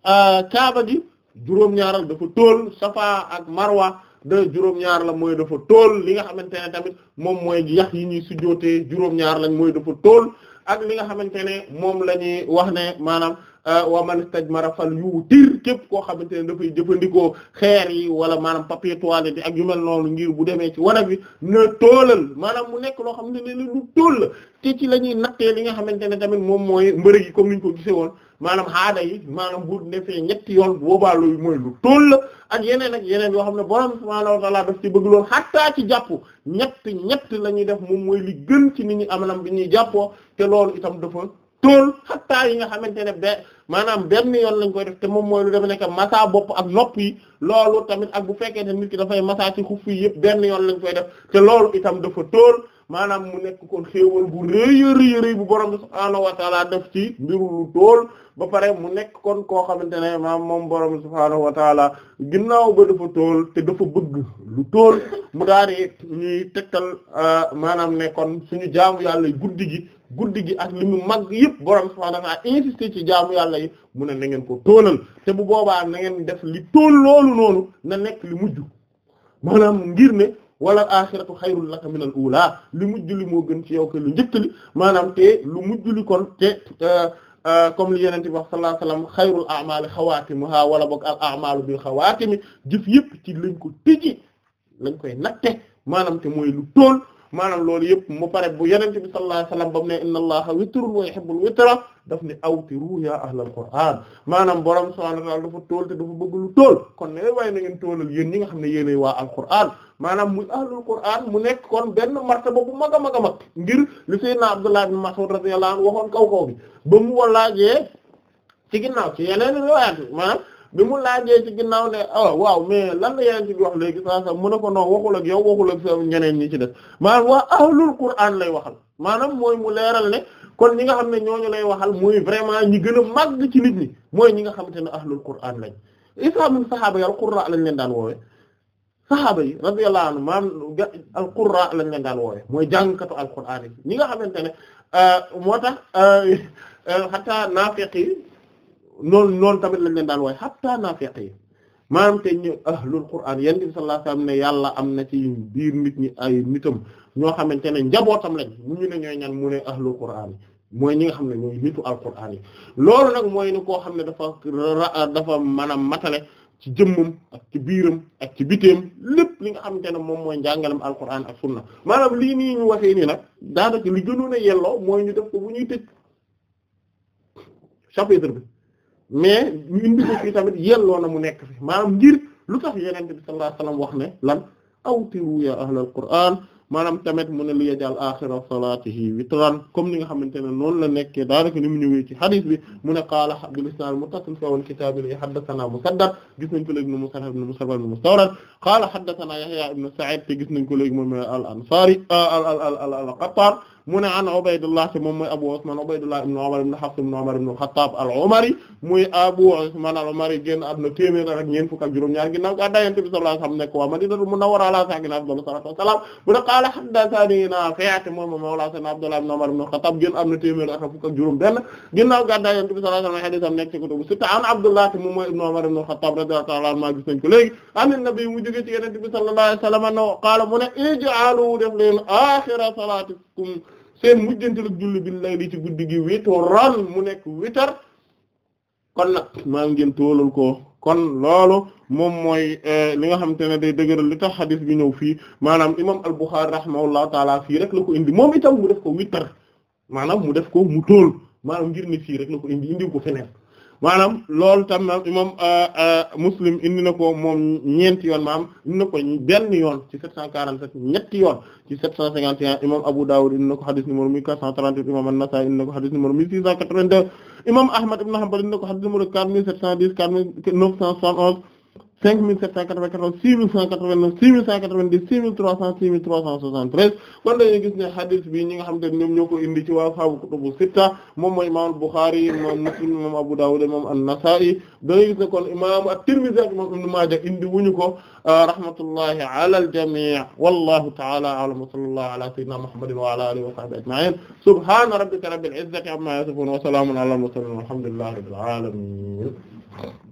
euh, kaaba gi juróom-ñaaral dafa tóol safa ak marwa de juróom-ñaar la mooy dafa tool li nga xamante ne tamit moom mooy yax yi ñuy sujjootee juróom-ñaar lañ mooy dafa tóol ak li nga xamante ne moom la ñuy wax ne maanaam Euh, wa man istajmara fal yuutir képp koo xamante ne dafay jëfandikoo xeer yi wala maanaam papier toilette bi ak yu mel noonu ngir bu demee ci wanag bi na toolal maanaam mu nekk loo xamante ne lu tool la te ci la ñuy nattee li nga xamante ne tamit moom mooy mbërëg yi comme ni ñu ko gisee woon maanaam aada yi maanaam bu defee ñetti yoon boobaa loolu mooy lu tool ak yeneen ak yeneen yoo xam ne borom subhaanahu wa ta'aala daf ci bëgg lool xattaa ci jàpp ñett ñett la ñuy def moom mooy li gën ci nit ñi amalam bi ñuy jàppoo te loolu itam dafa tool xattaa yi nga xamante ne maanaam benn yoon lañ koy def te moom mooy lu def nekk massa bopp ak nopp yi loolu tamit ak bu fekkee te nit ki dafay massa ci xuf yi yëpp benn yoon lañ koy def te loolu itam dafa tóol maanaam mu nekk kon xéewal bu rëy a rëy bu borom bi subhaanahu wa def ci mbiru lu tóol ba pare mu nekk kon koo xamante ne maam moom borom subhaanahu wa ginnaaw ba dafa tool te dafa bëgg lu tool mu daal di ñuy tegtal euh, maanaam ne kon suñu jaamu yàlla guddi gi guddi gi ak li mu mag yëpp borom subhaanahu ci jaamu yàlla yi mu ne na ngeen ko toolal te bu boobaa na ngeen def li tool loolu noonu na nekk li mujj maanaam ngir ne. wala axiratu xayrul laka minal ula li mujj li moo gën ci yow ke lu njëkk li maanaam te lu mujj li kon te euh, Euh, comme li yeneen bi wax sallallahu alayhi wasallam xayrul a'maali xawaatimuha wala boog al a'maalu bil xawaatimi jëf yëpp ci lañ ko tëji lañ koy natte maanaam te mooy lu tool maanaam loolu yëpp mu pare bu yenente bi sallallahu alayhi wasallam bamu ne inna allaha witrun wa yuhibbul witra daf ne awtiru ya ahlal qur'an maanaam borom subhanahu wa ta'ala dafa tool te dafa bëgg lu tool kon ne waaye na ngeen toolal yéen ñi nga xam ne yéenay waa alqur'an maanaam muy ahlul qur'an mu nekk kon benn martaba bu mag a mag a mag ngir li sayyidina Abdullah ibn Mas'ud radiyallahu anhu waxoon kaw kaw bi ba mu walaajee ci ginnaaw ci yeneen riwaayaat maanaam bi mu laajee ci ginnaaw ne ah, waaw mais lan la yeneen ci bi wax léegi saa saa mën na ko no waxul ak yow waxul ak sa ñeneen ñi ci def maanaam waa ahlul qur'an lay waxal maanaam mooy mu leeral ne kon ñi nga xam ne ñooñu lay waxal muy vraiment ñi gën mag màgg ci nit ñi mooy ñi nga xamante ne ahlul qur'an lañ isa min saxaaba yi al qurra lañ leen daan woowe saxaaba yi radiyallahu anhu maanaam al qurra lañ leen daan woowe mooy jàngkatu al qur'an yi ñi nga xamante ne euh, moo tax xataa euh, euh, naafiq noonu noonu tamit lañ leen daan waaye hatta naafiq yi maanaam te ñu ahlul qur'an yonent bi sallallahu alayhi wasallam ne yàlla am na ci biir nit ñi ay nitam ñoo xamante ne njabootam lañ mu ñu ne ñooy ñan mu ne ahlul qur'an yi mooy ñi nga xam ne ñoo nitu alqur'an yi loolu nag mooy ni koo xam ne dafa dafa maanaam matale ci jëmmam ak ci biiram ak ci biteem lépp li nga xamante ne moom mooy njàngalam alqur'an ak sunna maanaam lii nii ñu waxee nii nag daanaka li gënoon a yelloo mooy ñu def ko bu ñuy tëj mais ñu indi ko fii tamit yelloo na mu nekk fi maanaam ngir lu tax yenente bi sallallahu alayhi wasallam wax ne lan awtiru ya ahlal qur'an maanaam tamit mu ne li yajal axira salaatihi witran comme ni nga xamante ne noonu la nekkee daanaka ni mu ñëwee ci xadis bi mu ne qaala bil isnaad muttasil fi awwal kitaab li haddathana Musaddad gis nañ ko léegi mu Musarhad ibn Musarhad ibn Mustawrad qaala haddathana Yahya ibn Sa'id te gis nañ ko léegi moom al-Ansaari al al al al Qattaan mu ne an Ubaydullah te moom mooy Abu Usman Ubaydullah ibn Umar ibn Hafs ibn Umar ibn al-Khattab al-Umari muy Abu Usman al-Umari génn àdduna téeméer ak ñeent fukk ak juróom-ñaar ginnaaw gàddaay Yonent bi sallallahu alayhi wasallam nekk waa Madinatul Munawwara ala saakinihaa salaatu wa salaam bu ne qaala haddathanii Naafi' te moom mawlaa sayyidinaa Abdullah ibn Umar ibn al-Khattab génn àdduna téeméer ak fukk ak juróom-benn ginnaaw gàddaay Yonent bi sallallahu alayhi wasallam hadiisam nekk ci kutubu sitta an Abdullah te moom mooy ibn Umar ibn al-Khattab radiyallahu ta'ala anhumaa gis nañ ko léegi an Nabi mu jóge ci Yonent bi sallallahu alayhi wasallam qaala mu ne ij'aluu def leen aaxira salaatikum seen mujjantal ak julli bil layli ci guddi gi witran mu nekk witar kon nag maa ngeen toolal ko kon loolu moom mooy eh, li nga xamante ne day dëgëral li tax xadis bi ñëw fii maanaam imam al-Bukhari rahimahullahu taala fii rek la ko indi moom itam mu def ko witar maanaam mu def ko mu tool maanaam ngir ni fii rek la ko indi indi ko feneen maanaam loolu tam maam imam euh, euh, Muslim indi ko moom ñeenti yoon maam indi ko benn yoon ci 747 ñetti yoon ci 751 imam Abu Dawud indi na ko hadith numéro 1438 imam An-Nasa'i indi na ko hadith numéro 1682 imam Ahmad ibn Hanbal indi na ko hadith numéro 4710 4971 cinq mille sept cent quatre-vingt-quatorze six mille cent quatre-vingt-neuf six mille cent quatre-vingt-dix six mille trois cent six mille trois cent soixante-treize kon dañuy gis ne hadith bi ñi nga xam ne ñoom ñoo ko indi ci waa saabu kutubu sitta moom mooy imam Bukhari moom Muslim moom Abu Dawud moom An-Nasa'i dañuy gis ne kon imam At-Tirmidhi ak imam Ibn Maaja indi wuñu ko ah, rahmatullahi ala al-jami' wallahu ta'ala a'lam wa sallallahu ala sayyidina Muhammadin wa ala alihi wa sahbihi ajma'in subhana rabbika rabbil izzati amma yasifun wa salamun ala al-mursalin walhamdulillahi rabbil alamin